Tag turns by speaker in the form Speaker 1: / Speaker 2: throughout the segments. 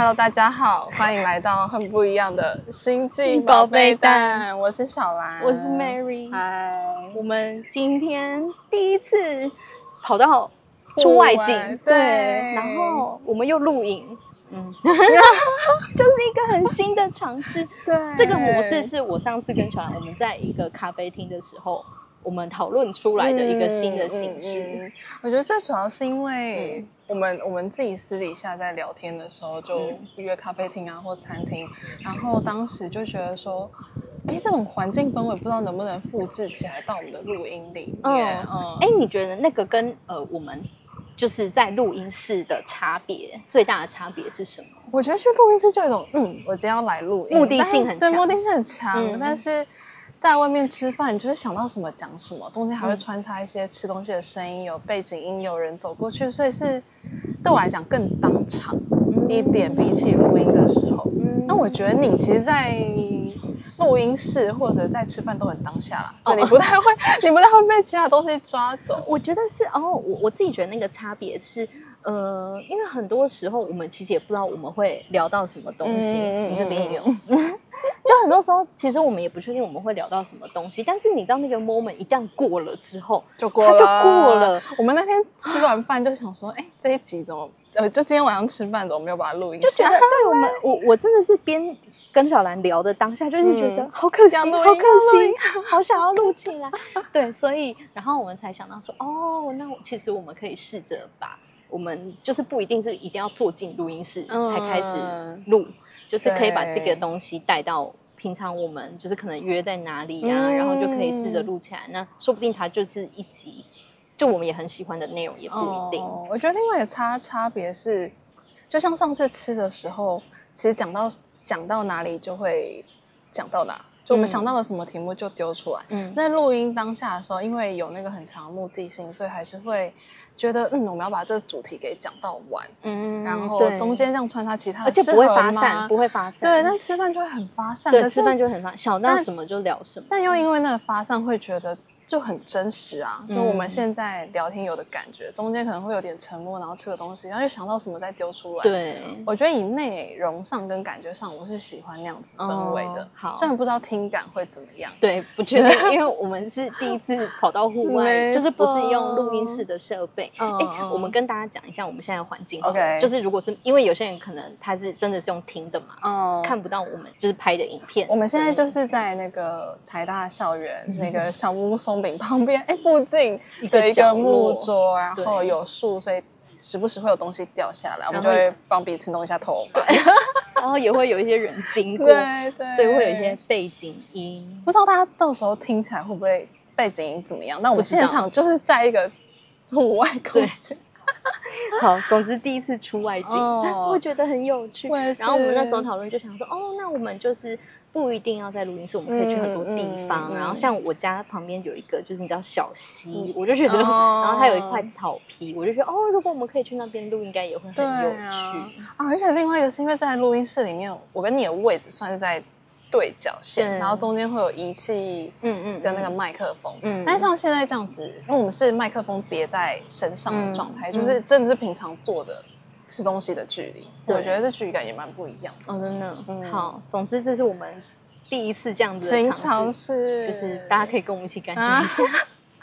Speaker 1: Hello，大家好，歡迎來到很不一樣的星際寶貝蛋。我是小蘭，我是 Mary，嗨。我們今天
Speaker 2: 第一次跑到出外景，oh, 對，對，然後我們又錄影，嗯， 就是一個很新的嘗試。 對，這個模式是我上次跟小蘭，我們在一個咖啡廳的時候，我們討論出來的一個新的形式。嗯
Speaker 1: 嗯嗯、我覺得最主要是因為。我們我們自己私底下在聊天的時候，就約咖啡廳啊或餐廳，嗯、然後當時就覺得說，
Speaker 2: 哎，這種環境氛圍不知道能不能複製起來
Speaker 1: 到我們的錄音裡面。哎、
Speaker 2: 哦嗯，你覺得那個跟呃我們就是在錄音室的差別最大的差別是什麼？
Speaker 1: 我覺得去錄音室就有一種，嗯，我今天要來錄音，目的性很強，對，目的性很強，嗯、但是。在外面吃飯，你就是想到什麼講什麼，中間還會穿插一些吃東西的聲音、嗯、有背景音、有人走過去，所以是對我來講更當場一點，比起錄音的時候。那、嗯、我覺得你其實，在。錄音室或者在吃飯都很當下啦、oh.，你不太會，你不太會被其他東西抓
Speaker 2: 走。 我覺得是哦，oh, 我我自己覺得那個差別是，呃，因為很多時候我們其實也不知道我們會聊到什麼東西，嗯、你這邊也有，嗯、 就很多時候其實我們也不確定我們會聊到什麼東西，但是你知道那個 moment 一旦過了之後就過了，它就過了。
Speaker 1: 我們那天吃完飯就想說，哎、 欸，這一集怎麼，呃，就今天晚上吃飯怎麼沒有把它錄音？就覺得，對、嗯、我們，
Speaker 2: 我我真的是邊。跟小蘭聊的當下就是覺得、嗯、好可惜，好可惜，好想要錄起來。 對，所以然後我們才想到說，哦，那其實我們可以試着把我們就是不一定是一定要坐進錄音室才開始錄，嗯、就是可以把這個東西帶到平常我們就是可能約在哪裡啊、嗯，然後就可以試着錄起來。那說不定它就是一集，就我們也很喜歡的內容，也不一定、哦。
Speaker 1: 我覺得另外一個差差別是，就像上次吃的時候，其實講到。講到哪裡就會講到哪，就我們想到了什麼題目就丟出來。嗯，那錄音當下的時候，因為有那個很強的目的性，所以還是會覺得，嗯，我們要把這個主題給講到完。嗯，然後中間這樣穿插其他的，而且不會發散，不會發散。對，但吃飯就會很發散，對，吃飯就很發，想到什
Speaker 2: 麼就聊什麼但。
Speaker 1: 但又因為那個發散，會覺得。就很真實啊，就我們現在聊天有的感覺。嗯，中間可能會有點沉默，然後吃個東西，然後又想到什麼再丟出來。對，我覺得以內容上跟感覺上，我是喜歡那樣子氛圍的。好，嗯，雖然不知道聽感會怎麼樣。嗯，對，不覺得。 因為
Speaker 2: 我們是第一次跑到戶外，就是不是用錄音室的設備。哎，嗯欸，我們跟大家講一下，我們現在的環境。OK，就是如果是因為有些人可能他是真的是用聽的嘛，哦，嗯，看不到我們就是拍的影片。我們現在就是
Speaker 1: 在那個台大校園那個小木屋鬆旁邊哎、欸，附近的一個木桌，然後有樹，所以時不時會有東西掉下來，我們就會幫彼此弄一下頭髮，對 然後也會有一些人經過，對對對，所以會有一些背
Speaker 2: 景音，不
Speaker 1: 知道大家到時候聽起來會不會背景音怎麼樣？那我們現場就是在
Speaker 2: 一個戶外空間。 好，總之第一次出外景，哦、我覺得很有趣。然後我們那時候討論就想說，哦，那我們就是不一定要在錄音室，我們可以去很多地方。嗯嗯啊、然後像我家旁邊有一個，就是你知道小溪，嗯、我就覺得、哦，然後它有一塊草皮，我就覺得，哦，如果我們可以去那邊錄，應該也會很有
Speaker 1: 趣啊。啊，而且另外一個是因為在錄音室裡面，我跟你的位置算是在。對角線、嗯，然後中間會有儀器，嗯嗯，跟那個麥克風，嗯嗯，嗯，但像現在這樣子，因為我們是麥克風別在身上的狀態，嗯、就是真的是平常坐着吃東西的距離，嗯、我覺得這距離感也蠻不一樣的。哦，
Speaker 2: 嗯 oh, 真的、嗯，好，總之這是我們第一次這樣子嘗試，就是大家可以跟我們一起感覺一下。啊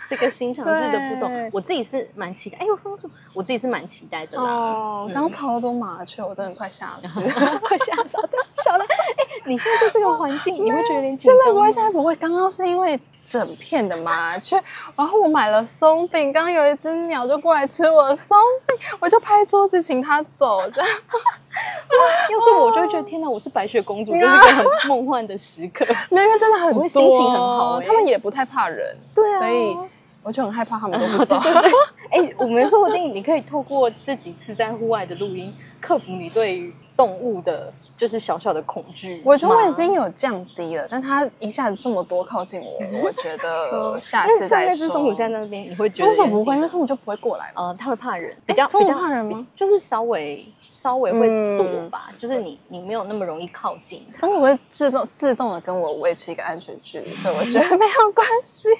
Speaker 2: 這個新城市的，是都不懂，我自己是蠻期待，哎呦松鼠，松剛我自己是蠻期待的
Speaker 1: 啦。哦，嗯、剛超多麻雀，我真的快嚇死了。快
Speaker 2: 嚇死掉，笑了。哎，你現在在這個環境，你會覺得有
Speaker 1: 點緊張？現在還不會，現在不會。剛剛是因為整片的麻雀，然後我買了鬆餅，剛，剛有一只鳥就過來吃我的鬆餅，我就拍桌子請它走，這樣。
Speaker 2: 要是我就會覺得天哪，我是白雪公主，啊、就是一個很夢幻的時刻。
Speaker 1: 那邊真的很的心情很好、欸，他們也不太怕人，對啊，所以。我就很害怕它們都不知
Speaker 2: 道。哎，我們說不定你， 你可以透過這幾次在戶外的錄音，克服你對動物的，就是小小的恐懼。我覺得我已
Speaker 1: 經有降低了，但它一下子這麼多靠近我，我覺得下次再說。 因為上那只松鼠在那邊，松鼠不
Speaker 2: 會，因為松鼠就不會過來嘛。嗯，它會怕人。欸，松鼠怕人嗎？就是稍微。稍微會躲吧、嗯，就是你你沒有那麼容易靠近、嗯，所
Speaker 1: 以我會自動自動的跟我維
Speaker 2: 持一個安全距離，所以我覺得沒有關係、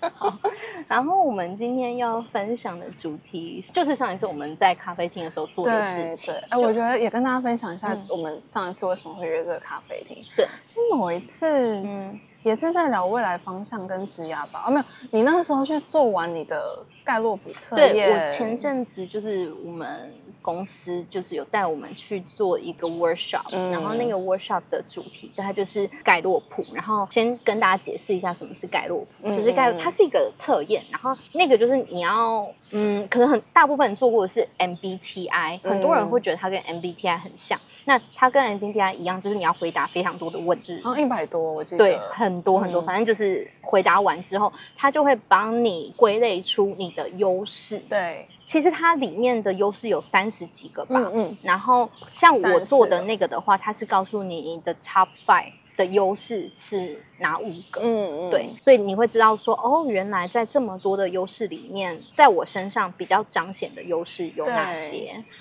Speaker 2: 嗯。 好，然後我們今天要分享的主題就是上一次我們在咖啡廳的時候做的事情。哎、呃，我覺
Speaker 1: 得也跟大家分享一下，
Speaker 2: 我們上一次為什麼會約這個咖啡廳？
Speaker 1: 對，是某一次。嗯也是在聊未來方向跟職涯吧。啊，沒有，你那個時候去做完你的蓋洛普測驗。對，我前陣
Speaker 2: 子就是我們公司就是有帶我們去做一個 workshop，、嗯、然後那個 workshop 的主題就它就是蓋洛普，然後先跟大家解釋一下什麼是蓋洛普，嗯、就是蓋洛普它是一個測驗，然後那個就是你要嗯，可能很大部分做過的是 MBTI，很多人會覺得它跟 MBTI 很像、嗯，那它跟 MBTI 一樣，就是你要回答非常多的問題，哦、就是、一百多我記得，對很。很多很多，反正就是回答完之後，嗯，他就會幫你歸類出你的優勢。對，其實它裡面的優勢有三十幾個吧。嗯，嗯。然後像我做的那個的話，它是告訴你你的 top five 的優勢是哪五個。嗯嗯。對，所以你會知道說，哦，原來在這麼多的優勢裡面，在我身上比較彰顯的優勢有哪些。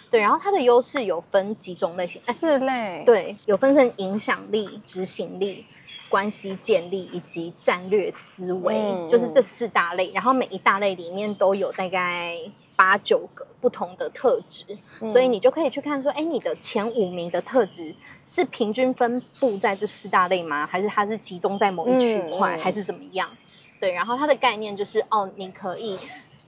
Speaker 2: 對，對，然後它的優勢有分幾種類型？四類、欸。對，有分成影響力、執行力。關係建立以及戰略思維，嗯，就是這四大類，然後每一大類裡面都有大概八九個不同的特質，嗯，所以你就可以去看說，哎，你的前五名的特質是平均分佈在這四大類嗎？還是它是集中在某一區塊，嗯，還是怎麼樣，嗯？對，然後它的概念就是，哦，你可以。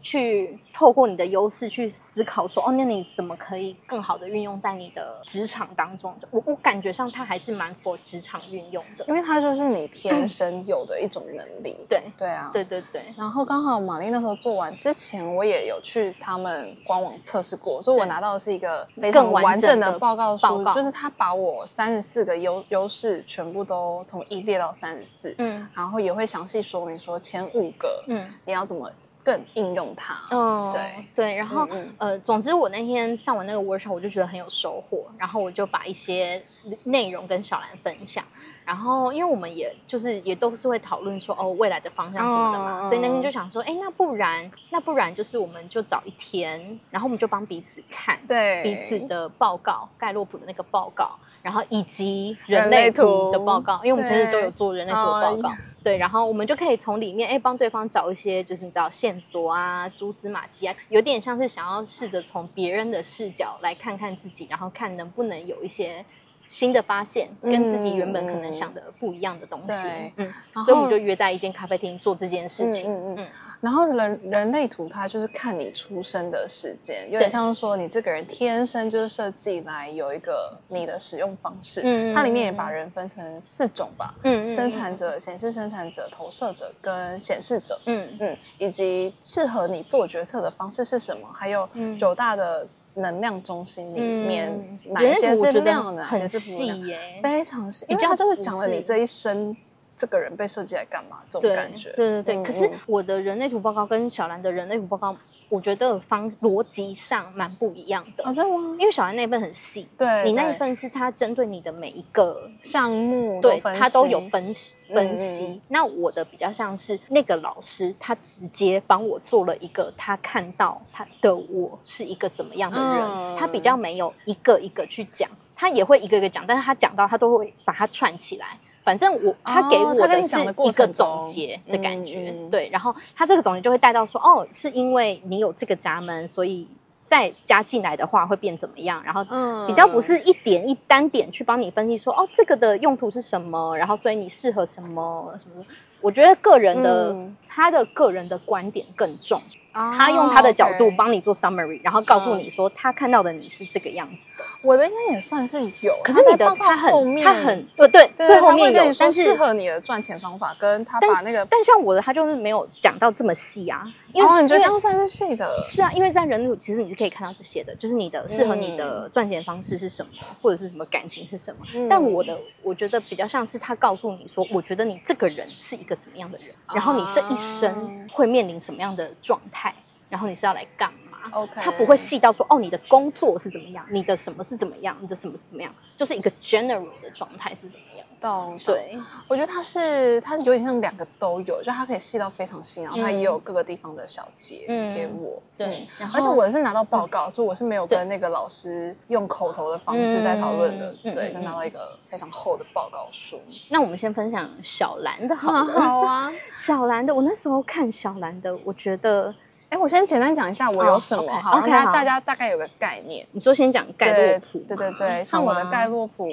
Speaker 2: 去透過你的優勢去思考說，哦，那你怎麼可以更好的運用在你的職場當中？就我我感覺上它還是蠻符合職場運用的，因為它就是你
Speaker 1: 天生有的一種能力。嗯、對對啊，對對對。然後剛好瑪麗那時候做完之前，我也有去他們官網測試過，所以我拿到的是一個非常完整的報告書，的報告就是他把我三十四個優優勢全部都從一列到三十四，嗯，然後也會詳細說明說前五個，嗯，你要怎麼。更應用它，嗯、oh,，
Speaker 2: 對對，然後嗯嗯呃，總之我那天上完那個 workshop，我就覺得很有收穫，然後我就把一些內容跟小蘭分享，然後因為我們也就是也都是會討論說哦未來的方向什麼的嘛，oh, 所以那天就想說，哎、um. 那不然那不然就是我們就找一天，然後我們就幫彼此看對彼此的報告，蓋洛普的那個報告，然後以及人類，人類圖的報告，因為我們其實都有做人類圖的報告。對，然後我們就可以從裡面哎幫對方找一些，就是你知道線索啊、蛛絲馬跡啊，有點像是想要試着從別人的視角來看看自己，然後看能不能有一些新的發現，跟自己原本可能想的不一樣的東西。嗯，嗯，所以我們就約在一間咖啡廳做這件事情。嗯嗯。嗯
Speaker 1: 然後人人類圖它就是看你出生的時間，有點像說你這個人天生就是設計來有一個你的使用方式。嗯，它裡面也把人分成四種吧。嗯，生產者、嗯、顯示生產者、投射者跟顯示者。嗯嗯。以及適合你做決策的方式是什麼？還有九大的能量中心裡面哪些是亮的、嗯，哪些是不亮的？非常細，因為它就是講了你這
Speaker 2: 一生。這個人被設計來幹嘛？這種感覺。對對對，對嗯嗯。可是我的人類圖報告跟小蘭的人類圖報告，我覺得方邏輯上蠻不一樣的。哦、啊，真的嗎？因為小蘭那一份很細，對，你那一份是他針對你的每一個項目，對，他都有分析分析、嗯。那我的比較像是那個老師，他直接幫我做了一個他看到他的我是一個怎麼樣的人、嗯，他比較沒有一個一個去講，他也會一個一個講，但是他講到他都會把它串起來。反正我他給我的是一個總結的感覺、哦的嗯，對，然後他這個總結就會帶到說，嗯、哦，是因為你有這個閘門，所以再加進來的話會變怎麼樣，然後比較不是一點一單點去幫你分析說，嗯、哦，這個的用途是什麼，然後所以你適合什麼什麼，我覺得個人的、嗯、他的個人的觀點更重。哦、他用他的角度 okay, 幫你做 summary，然後告訴你說他看到的你是這個樣子的。我、嗯、的應該也算是有、嗯，可是你的他,在後面他很他很對對，最後面有，但是適合你的賺錢方法跟他把那個，但,但像我的他就是沒有講到這麼細啊，因為、哦、你覺得也算是細的，是啊，因為在人圖其實你是可以看到這些的，就是你的、嗯、適合你的賺錢方式是什麼，或者是什麼感情是什麼。嗯、但我的我覺得比較像是他告訴你說，我覺得你這個人是一個怎麼樣的人，嗯、然後你這一生會面臨什麼樣的狀態。然後你是要來幹嘛
Speaker 1: ？OK，他不會細
Speaker 2: 到說哦，你的工作是怎麼樣，你的什麼是怎麼樣，你的什麼是怎麼樣，就是一個 general 的狀態是怎麼樣。
Speaker 1: 哦，對，我覺得它是它是有點像兩個都有，就它可以細到非常細，然後它也有各個地方的小節給我。
Speaker 2: 嗯、對，然、嗯、後而且我
Speaker 1: 是拿到報告、嗯，所以我是沒有跟那個老師用口頭的方式在討論的。嗯、對，就、嗯嗯、拿到一個非常厚的報告書。嗯、
Speaker 2: 那我們先分享小蘭的好不好啊，小蘭的，我那時候看小蘭的，我覺得。哎，我先簡單講一下我有什麼，oh, okay, 好讓、okay, 大，大家
Speaker 1: 大概有個概念。
Speaker 2: 你說先講蓋洛普？對，對對
Speaker 1: 對，像我的蓋洛普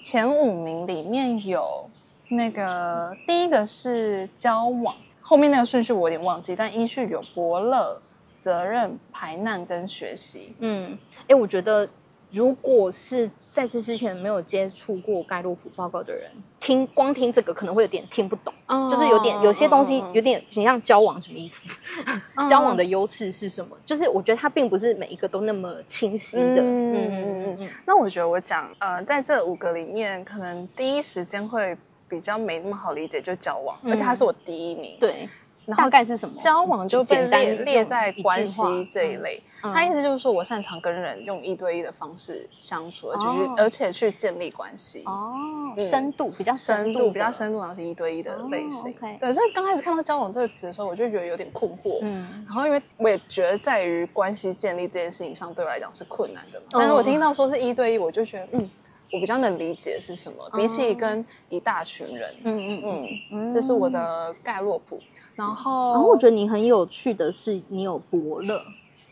Speaker 1: 前五名裡面有那個第一個是交往，後面那個順序我有點忘記，但依序有伯樂、
Speaker 2: 責任、排難跟學習。嗯，哎，我覺得如果是。在這之前沒有接觸過蓋洛普報告的人，聽光聽這個可能會有點聽不懂，oh, 就是有點有些東西有點，你像交往什麼意思？Oh. 交往的優勢是什麼？就是我覺得他並不是每一個都那麼清晰的。嗯嗯嗯
Speaker 1: 嗯。那我覺得我講呃，在這五個裡面，可能第一時間會比較沒那麼好理解，就交往，嗯、而且他是我第一名。對。
Speaker 2: 大概是什麼？交往，就被列簡單列在關係這一類一、
Speaker 1: 嗯。他意思就是說，我擅長跟人用一對一的方式相處，而、嗯、且而且去建立關係。哦，嗯、深度比較深度，深度比較深度，然後是一對一的類型。哦 okay、對，所以剛開始看到“交往”這個詞的時候，我就覺得有點困惑。嗯。然後，因為我也覺得在於關係建立這件事情上，對我來講是困難的嘛、哦。但是我聽到說是一對一，我就覺得嗯。我比較能理解是什麼，oh, 比起跟一大群人，嗯
Speaker 2: 嗯嗯，
Speaker 1: 這是我的蓋洛普。
Speaker 2: 嗯、然後、嗯，然後我覺得你很有趣的是，你有伯樂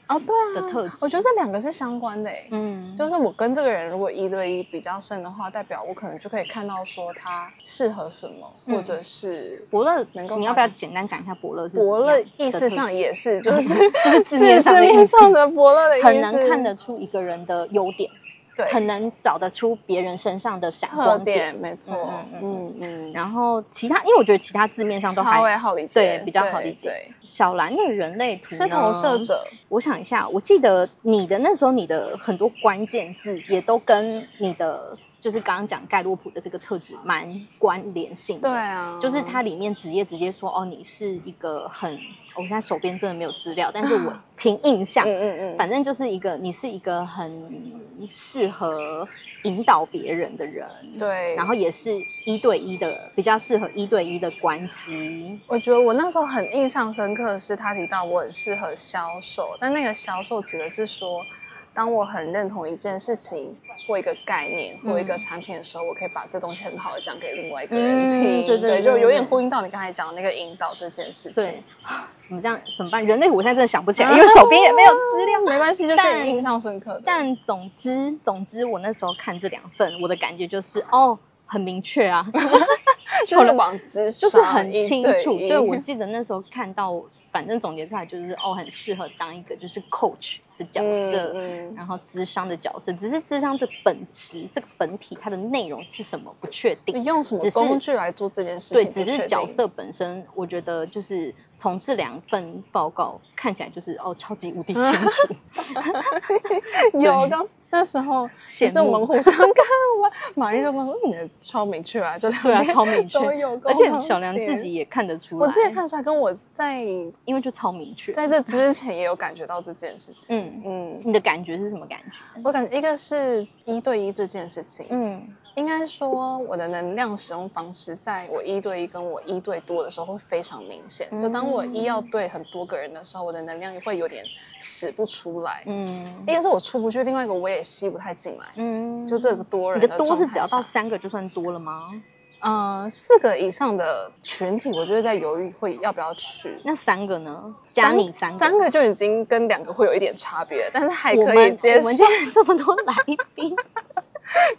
Speaker 1: 啊、哦，對啊，的特質。我覺得這兩個是相關的、欸，嗯，
Speaker 2: 就是我跟這個人
Speaker 1: 如果一對一比較深的話，代表我可能就可以看到說他適合什麼，嗯、或者
Speaker 2: 是伯樂能夠。你要不要簡單講一下伯樂？伯樂意思上也是，就是， 就是字面上面意思 就是字面上的伯樂的意思，很難看得出一個人的優點。對，很能找得出別人身上的閃光點，沒錯，嗯嗯，嗯，嗯，然後其他，因為我覺得其他字面上都還稍微好理解對，對，比較好理解。對，對，小蘭的人類圖是投射者，我想一下，我記得你的那時候你的很多關鍵字也都跟你的。就是剛剛講蓋洛普的這個特質，蠻關聯性的。對啊。就是它裡面職業直接說，哦，你是一個很……我現在手邊真的沒有資料，啊、但是我憑印象，嗯嗯嗯，反正就是一個你是一個很適合引導別人的人。對。然後也是一對一的，比較適合一對一的關係。
Speaker 1: 我覺得我那時候很印象深刻的是，他提到我很適合銷售，但那個銷售指的是說。當我很認同一件事情或一個概念、嗯、或一個產品的時候，我可以把這東西很好的講給另外一個人聽，嗯、對對，對，對，就有點呼
Speaker 2: 應到你剛才講的那個引導這件事情。怎麼這樣怎麼辦？人類，我現在真的想不起來、啊，因為手邊也沒有資料，沒關係，就是印象深刻。但總之，總之，我那時候看這兩份，我的感覺就是、嗯、哦，很明確啊，就我的網資就是很清楚對。對，我記得那時候看到，反正總結出來就是哦，很適合當一個就是 coach。的角色，嗯嗯、然後諮商的角色，只是諮商這本質、這個本體，它的內容是什麼不確定？用什麼工具
Speaker 1: 來做這件事情對？對，只是角色
Speaker 2: 本身，我覺得就是從這兩份報告看起來，就是哦，超級無敵清楚。嗯、
Speaker 1: 有當時那時候，其實我們互相看，我馬玉就我說：“你 的、嗯嗯、超明確、啊，就對啊人超明確，而且小梁自己也
Speaker 2: 看得出來。嗯”我自己
Speaker 1: 看出來，跟我在因為就超明確，在這之前也有感覺到這件事情。嗯。嗯，你的感覺是什麼感覺？我感覺一個是一對一這件事情，嗯，應該說我的能量使用方式，在我一對一跟我一對多的時候會非常明顯。嗯，就當我一要對很多個人的時候，我的能量會有點使不出來。嗯，一個是我出不去，另外一個我也吸不太進來。
Speaker 2: 嗯，就這個多人的，你的多是只要到三個就算多了嗎？呃，四個以上的群體，我就是在猶豫會要不要去。那三個呢？加你三個三,三個就已
Speaker 1: 經跟兩個會有一點差別，但是還可以接受。我們家這麼多來賓，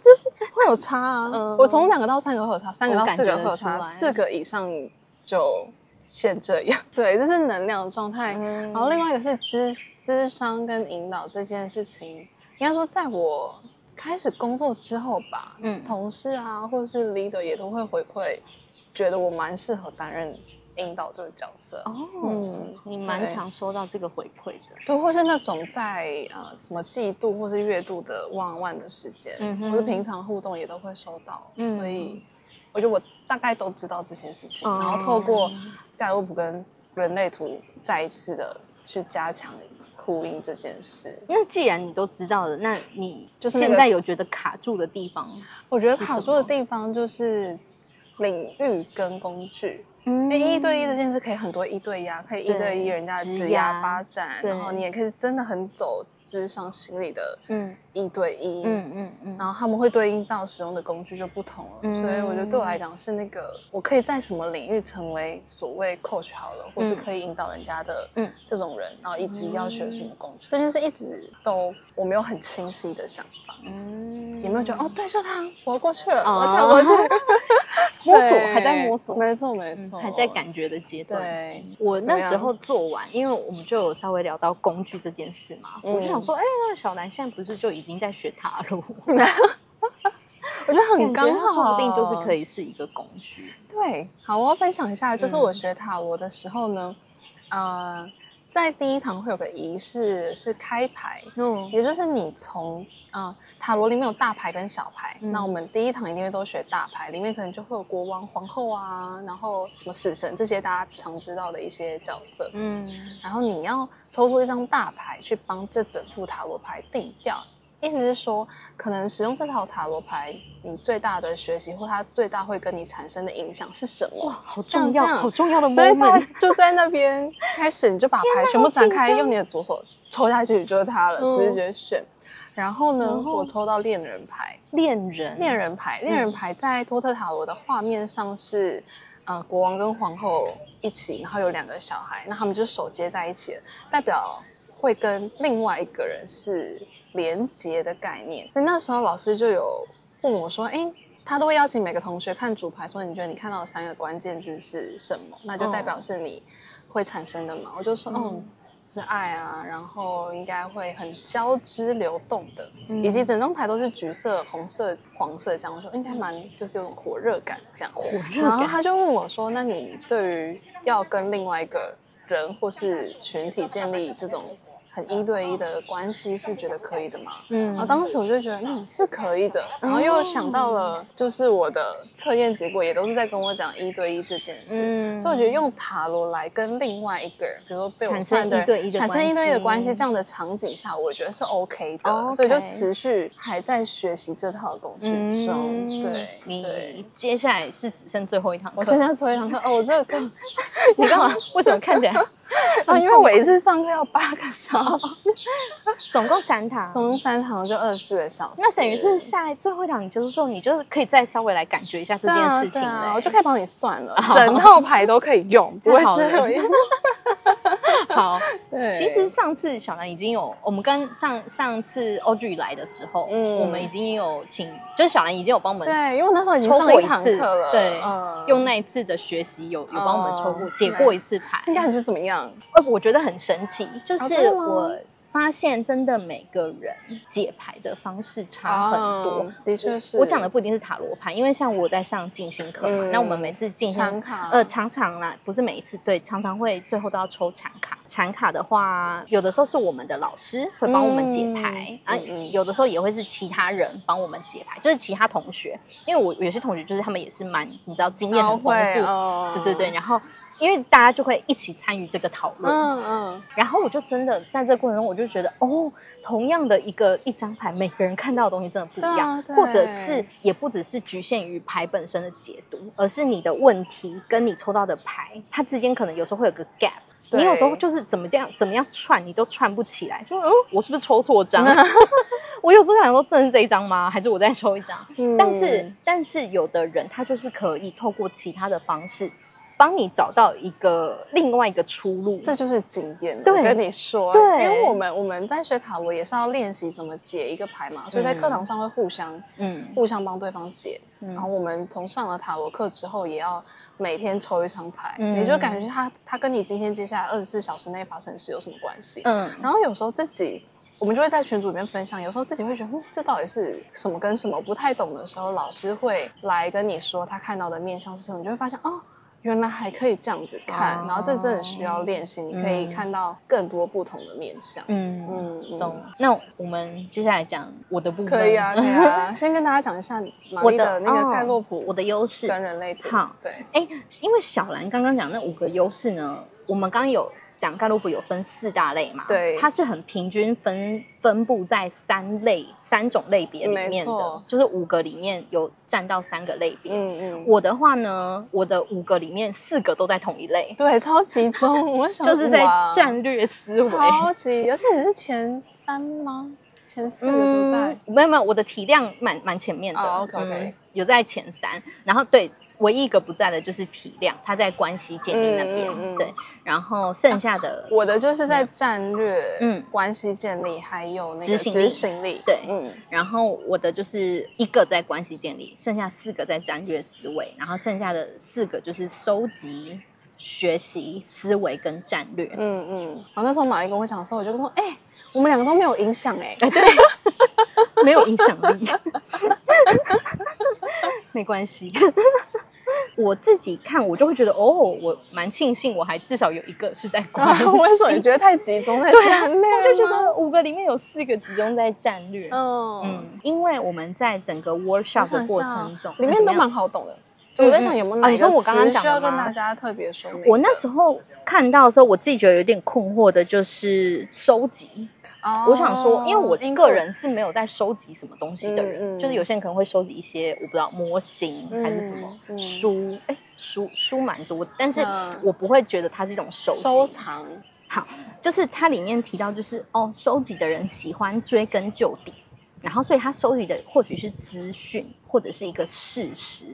Speaker 1: 就是會有差啊。嗯、我從兩個到三個會有差，三個到四個會有差，四個以上就限這樣。對，這、就是能量狀態。然、嗯、後另外一個是諮、諮商跟引導這件事情，應該說在我。開始工作之後吧，嗯，同事啊，或是 leader 也都會回饋，覺得我蠻適合擔任引導這個角色。哦，嗯、你蠻常收到這個回饋的。對，或是那種在呃什麼季度或是月度的 one on one 的時間，嗯哼，或是平常互動也都會收到、嗯，所以我覺得我大概都知道這些事情，嗯、然後透過蓋洛普跟人類圖再一次的去加強。呼應
Speaker 2: 這件事。那既然你都知道了，那你就現在有覺得卡住的地方，那
Speaker 1: 個？我覺得卡住的地方就是領域跟工具。
Speaker 2: 嗯，因為一對一這件事可以很多一
Speaker 1: 對一啊，可以一對一人家的職涯發展，然後你也可以真的很走。私商心理的，嗯，一對一，嗯嗯嗯、嗯，然後他們會對應到使用的工具就不同了、嗯，所以我覺得對我來講是那個，我可以在什麼領域成為所謂 coach 好了，或是可以引導人家的，嗯，這種人、嗯，然後一直要學什麼工具、嗯，這件事一直都我沒有很清晰的想法，嗯。有沒有覺得嗯、
Speaker 2: 哦，對，就他，我過去了，我跳過去、嗯，
Speaker 1: 摸索，還在摸索，沒
Speaker 2: 錯沒錯、嗯，還在感覺的階段。對，我那時候做完，因為我們就有稍微聊到工具這件事嘛，嗯、我就想說，哎、欸，那個、小南現在不是就已經在學塔羅？嗯、 我覺得很剛好，說不定就是可以是一個工具。對、
Speaker 1: 嗯，好，我要分享一下，就是我學塔羅的時候呢、嗯，呃，在第一堂會有個儀式是開牌，嗯，也就是你從。嗯，塔羅裡面有大牌跟小牌、嗯，那我們第一堂一定會都學大牌，裡面可能就會有國王、皇後啊，然後什麼死神這些大家常知道的一些角色。嗯，然後你要抽出一張大牌去幫這整副塔羅牌定調，意思是說，可能使用這套塔羅牌，你最大的學習或它最大會跟你產生的影響是什麼？哦、好重要，好重要的模板。所以就在那邊 開始，你就把牌全部展開， 用你的左手抽下去就是它了，嗯、直接選。然後呢然後，我抽到戀人牌。
Speaker 2: 戀人，戀
Speaker 1: 人牌，戀人牌在托特塔羅的畫面上是，嗯、呃，國王跟皇後一起，然後有兩個小孩，那他們就手接在一起了，代表會跟另外一個人是連接的概念。那那時候老師就有問我說，哎，他都會邀請每個同學看主牌，說你覺得你看到的三個關鍵字是什麼？那就代表是你會產生的嘛、嗯。我就說，嗯。嗯就是愛啊，然後應該會很交織流動的，嗯，以及整張牌都是橘色、紅色、黃色這樣，我說應該蠻就是有種火熱感這樣，火熱感。然後他就問我說：“那你對於要跟另外一個人或是群體建立這種？”很一對一的關係是覺得可以的嗎？嗯，然、嗯、後、啊、當時我就覺得嗯是可以的，然後又想到了就是我的測驗結果也都是在跟我講一對一這件事，嗯。所以我覺得用塔羅來跟另外一個人比如說被我產生一對一的關係這樣的場景下，我覺得是 OK 的 okay，所以就持續還在學習
Speaker 2: 這套工具中，嗯嗯。對，對。接下來是只剩最後一堂課，我現在剩下最後一堂課哦，我這個課 你
Speaker 1: 幹剛嘛好？為 什麼看起來？
Speaker 2: 啊，因為我一次
Speaker 1: 上課要八個
Speaker 2: 小時，啊，總共三堂，總共三堂就二十四個小時。那等於是下最後一堂，你就是說你就是可以再稍微來感覺一下這件事情。然啊，啊，我就可以幫你算了，整套牌
Speaker 1: 都可以用， 不會吃虧。
Speaker 2: 好，對。其實上次小蘭已經有，我們跟上上次 Audrey 來的時候，嗯，我們已經有請，就是小蘭已經有幫我們，對，因為那時候已經上過一堂課了，對，用那一次的學習有有幫我們抽過解、嗯、過一次牌，你感覺怎麼樣？呃，我覺得很神奇，就是我、okay. 發現真的每個人解牌的方式差很多，oh, 的確是。我講的不一定是塔羅牌，因為像我在上進心課靜心課嘛，那我們每次靜心，呃，常常啦、啊，不是每一次，對，常常會最後都要抽禪卡。禪卡的話，有的時候是我們的老師會幫我們解牌，啊、嗯，有的時候也會是其他人幫我們解牌、嗯，就是其他同學，因為我有些同學就是他們也是蠻，你知道，經驗很豐富、哦，對對對，然後因為大家就會一起參與這個討論，嗯嗯，然後我就真的在這個過程中我就。就覺得哦，同樣的一個一張牌，每個人看到的東西真的不一樣，啊、或者是也不只是局限於牌本身的解讀，而是你的問題跟你抽到的牌它之間可能有時候會有個 gap，你有時候就是怎麼這樣怎麼樣串你都串不起來，就哦、嗯，我是不是抽錯張？ 我有時候想說這是這一張嗎？還是我再抽一張？嗯、但是但是有的人他就是可以透過其他的方式。幫你找到一個另外一個出路，這就是經驗的。對，跟你說，對，因為我們
Speaker 1: 我們在學塔羅也是要練習怎麼解一個牌嘛、嗯，所以在課堂上會互相，嗯，互相幫對方解。嗯、然後我們從上了塔羅課之後，也要每天抽一張牌，嗯、你就感覺他他跟你今天接下來二十四小時內發生的事有什麼關係？嗯，然後有時候自己我們就會在群組裡面分享，有時候自己會覺得，嗯、這到底是什麼跟什麼，我不太懂的時候，老師會來跟你說他看到的面相是什麼，你就會發現哦。原來還可以這樣子看，哦、然後這次很需要練習、嗯，你可以看到更多不同的
Speaker 2: 面向。嗯嗯懂嗯。那我們接下來講我的部分。可以啊可以啊， 先跟大家講一下瑪麗的那個蓋洛普，我的優勢跟人類圖、哦。對。哎，因為小蘭剛剛講那五個優勢呢，我們剛剛有講蓋洛普有分四大類嘛？對，它是很平均分分佈在三類三種類別裡面的，就是五個裡面有佔到三個類別。嗯嗯，我的話呢，我的五個裡面四個都在同一類。對，超集中，我 想就是在戰略思維。超級，而且你是前
Speaker 1: 三嗎？
Speaker 2: 前四個都在？嗯，沒有沒有，我的體量蠻蠻前面的，oh, okay, okay. 嗯，有在前三，然後對。唯一一個不在的，就是體諒，他在關係建立那邊、嗯嗯，對，然後剩下的、啊、我的就是在戰略、
Speaker 1: 嗯，關係建
Speaker 2: 立、嗯、還有那個執行，執行力，對，嗯，然後我的就是一個在關係建立，剩下四個在戰略思維，然後剩下的四個就是收集、學習、思維跟戰略，嗯嗯，然後那時候瑪麗跟我講的時候，我就說，哎、欸，我們兩個都沒有影響哎、欸欸，對，沒有影響力， 沒關係。我自己看，我就會覺得哦，我蠻慶幸我還至少有一個是在關係。為什麼你覺得太集中在戰略、啊？我就覺得五個裡面有四個集中在戰略。嗯嗯，因為我們在整個 workshop 的過程中，裡面都蠻好懂的。我在想有沒有、嗯、啊？你說我剛剛講的，需要跟大家特別說明。我那時候看到的時候，我自己覺得有點困惑的就是收集。Oh, 我想說，因為我個人是沒有在收集什麼東西的人，就是有些人可能會收集一些我不知道模型、嗯、還是什麼、嗯、書，誒，書，書蠻多，但是我不會覺得它是一種收集收藏。好,就是它裡面提到就是哦，收集的人喜歡追根究底，然後所以他收集的或許是資訊，或者是一個事實，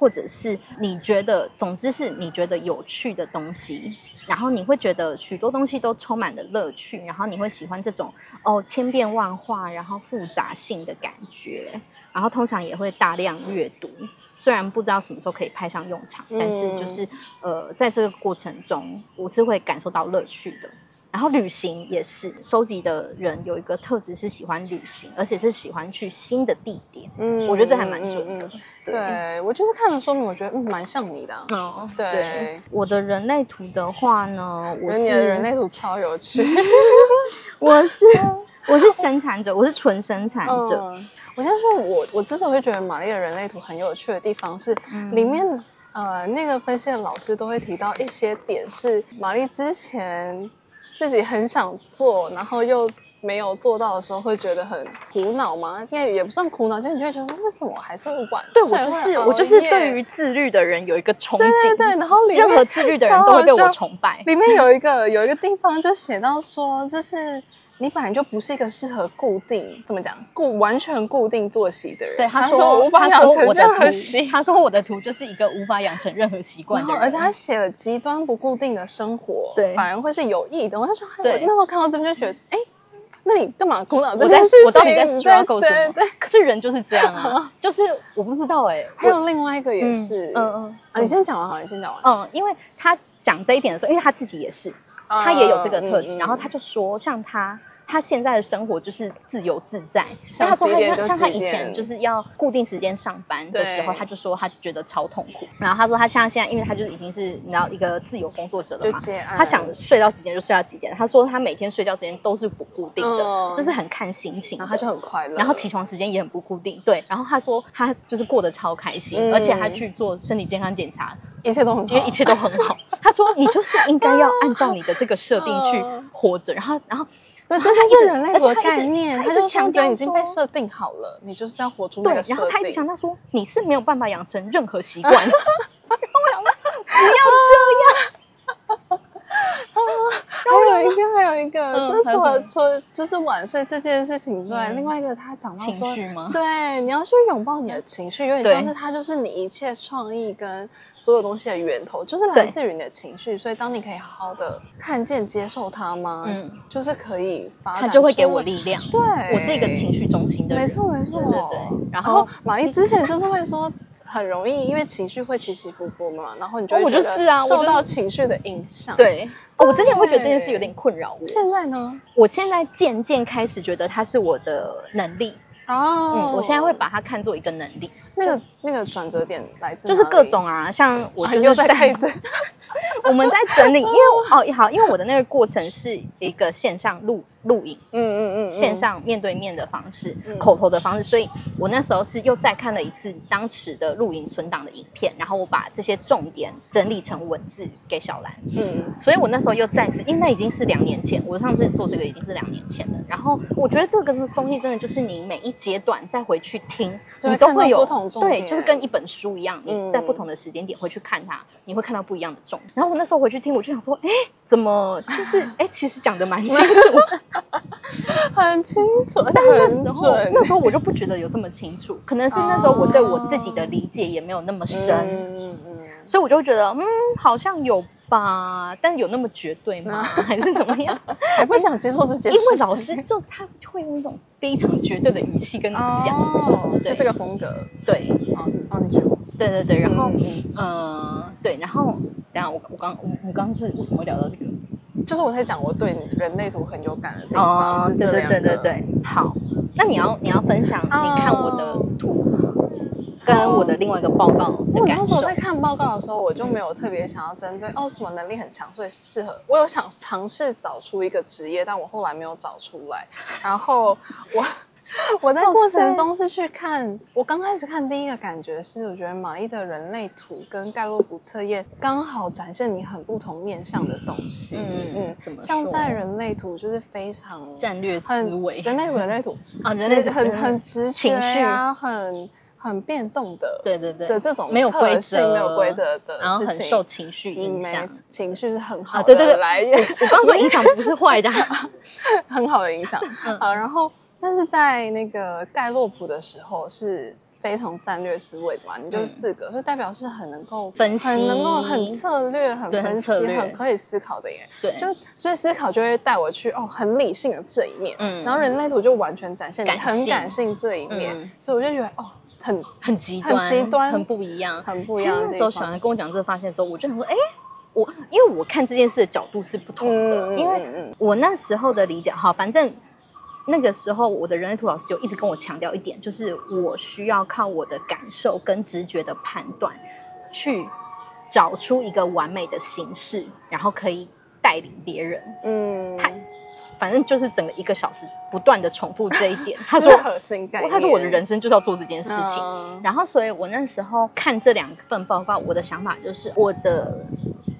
Speaker 2: 或者是你覺得，總之是你覺得有趣的東西。然後你會覺得許多東西都充滿了樂趣，然後你會喜歡這種哦千變萬化，然後複雜性的感覺，然後通常也會大量閱讀，雖然不知道什麼時候可以派上用場，嗯，但是就是呃在這個過程中，我是會感受到樂趣的。然後旅行也是，收集的人有一個特質是喜歡旅行，而且是喜歡去新的地點。嗯，我覺得這還蠻
Speaker 1: 準的。嗯、對，對，
Speaker 2: 我就是看了說明，我覺得嗯蠻像你的、啊。哦
Speaker 1: 對，
Speaker 2: 對，我的人類圖的話呢，我是人類
Speaker 1: 圖超有趣。
Speaker 2: 我是我是， 我是生產者，我是純生產者。嗯、我先說我，我
Speaker 1: 我之所以會覺得瑪麗的人類圖很有趣的地方是，嗯、裡面呃那個分析的老師都會提到一些點，是瑪麗之前。自己很想做，然後又沒有做到的時候，會覺得很苦惱嗎？因為也不算苦惱，就你會覺得為什麼我還是不管？對我就是、oh, yeah. 我就是對於
Speaker 2: 自律的人有一個崇拜。對，對對對，然後任何自律的人都會被我崇拜。裡面有一個
Speaker 1: 有一個地方就寫到說，就是。你本來就不是一個適合固定怎麼講固完全固定作息的
Speaker 2: 人。對，他說，他說，無法養成任何習。他說我的圖就是一個無法養成任何習慣。的人。而且他
Speaker 1: 寫了極端不固定的生活，對，反而會是有益的。我就說，哎、對，那時候看到這邊就覺得，哎、欸，那你幹嘛苦惱？我在，我到底在 struggle 什麼？對，對，對，
Speaker 2: 可是人就是這樣啊， 就是我不知道哎、欸。還有另外一個也是，嗯嗯、嗯、嗯、嗯、嗯、嗯、啊，你先講完，好，你先講。完好。嗯，因為他講這一點的時候，因為他自己也是，嗯、他也有這個特質、嗯嗯，然後他就說，像他。他現在的生活就是自由自在，像他，說他像他以前就是要固定時間上班的時候，他就說他覺得超痛苦。然後他說他像現在，因為他就已經是，你知道一個自由工作者了嘛，他想睡到幾點就睡到幾點。他說他每天睡覺時間都是不固定的，嗯、就是很看心情。然後他就很快樂，然後起床時間也很不固定。對，然後他說他就是過得超開心，嗯、而且他去做身體健康檢查，一切都很好，因為一切都很好。 他說你就是應該要按照你的這個設定去活着，然後、哦、然後。然後對，這就是人類圖的概念，他，他，他就強調已經被設定好了，你就是要活出那個設定對。然後他一直強調說，你是沒有辦法養成任何習慣。不、
Speaker 1: 啊、 要這。今天還有一個，嗯、就是說說，就是晚睡這件事情之外，嗯、另外一個他講到說情緒嗎，對，你要去擁抱你的情緒，因為你像是他，就是你一切創意跟所有東西的源頭，就是來自於你的情緒。所以當你可以好好的看見、接受它嗎？嗯，就是可以，發展，他就會給我力量。對，我是一個情緒中心的人，沒錯沒錯。對對，對。然後、哦、瑪麗之前就是會說。 很容易，因為情緒會起起伏伏嘛，然後你就覺得、哦、我就是啊，受到情緒的影響。對，對、哦，我之前會覺得這件事有
Speaker 2: 點困擾我。現在呢，我現在漸漸開始覺得它是我的能力
Speaker 1: 哦、oh. 嗯，我現
Speaker 2: 在會把它看作一個能力。那個那個轉折點來自就是各種啊，像我就在袋子，啊、再再一次 我們在整理，因為我 哦好，因為我的那個過程是一個線上錄錄影，嗯嗯嗯，線上面對面的方式、嗯，口頭的方式，所以我那時候是又再看了一次當時的錄影存檔的影片，然後我把這些重點整理成文字給小蘭，嗯，所以我那時候又再次，因為那已經是兩年前，我上次做這個已經是兩年前了，然後我覺得這個東西真的就是你每一階段再回去聽，你都會有。對，就是跟一本書一樣，你在不同的時間點會去看它，嗯，你會看到不一樣的重點。然後我那時候回去聽，我就想說，哎，怎麼就是哎，其實講得蠻清楚， 很清楚。但是那時候，那時候我就不覺得有這麼清楚，可能是那時候我對我自己的理解也沒有那麼深，哦嗯嗯嗯，所以我就覺得，嗯，好像有吧，但有那麼絕對嗎？嗯，還是怎麼樣？我不想接受這些事，因為老師就他會用一種非常絕對的語氣跟你講。哦就這個風格，對，哦、嗯、哦，你對對對，嗯、然後，嗯、呃，對，然後，
Speaker 1: 然後我我剛我我剛是為什麼會聊到這個？就是我在講我對人類圖很有
Speaker 2: 感的地方，哦個，對對對對，對，對，好，那你要你要分享你看我的圖、嗯嗯，跟我的另外一個報告的感受、哦、我那時候在看報告的時候，我就沒有特
Speaker 1: 別想要針對、嗯、哦什麼能力很強，所以適合。我有想嘗試找出一個職業，但我後來沒有找出來，然後我。 我在過程中是去看，oh, 我剛開始看第一個感覺是，我覺得瑪麗的人類圖跟蓋洛普測驗剛好展現你很不同面向的東西。嗯嗯，嗯怎麼，像在人類圖就是非常戰略思維，人類、啊、人類圖啊人類很、嗯、很直覺啊，情緒很很變動的，對對對對這種特性沒有規則沒有規則的事情，然後很受情緒影響，嗯、情緒是很好的來、啊，對對源我 剛說影響不是壞的、啊， 很好的影響。好、嗯啊，然後。但是在那個蓋洛普的時候是非常戰略思維的嘛，你就是四個，嗯、所以代表是很能夠分析，很能夠很策略，分很分析很，很可以思考的耶。對，就所以思考就會帶我去哦，很理性的這一面、嗯，然後人類圖就完全展現你很感性這一面，嗯、所以我就覺得
Speaker 2: 哦，很很極端，很極端，很不一樣。很不一樣。其實那時候小蘭跟我講這個發現的時候，我就想說，哎、欸，我因為我看這件事的角度是不同的，嗯、因為我那時候的理解哈，反正。那個時候，我的人類圖老師就一直跟我強調一點，就是我需要靠我的感受跟直覺的判斷，去找出一個完美的形式，然後可以帶領別人。嗯，他反正就是整個一個小時不斷地重複這一點。嗯、他說核心概念 他說我的人生就是要做這件事情。嗯、然後，所以我那時候看這兩份報告，我的想法就是我的。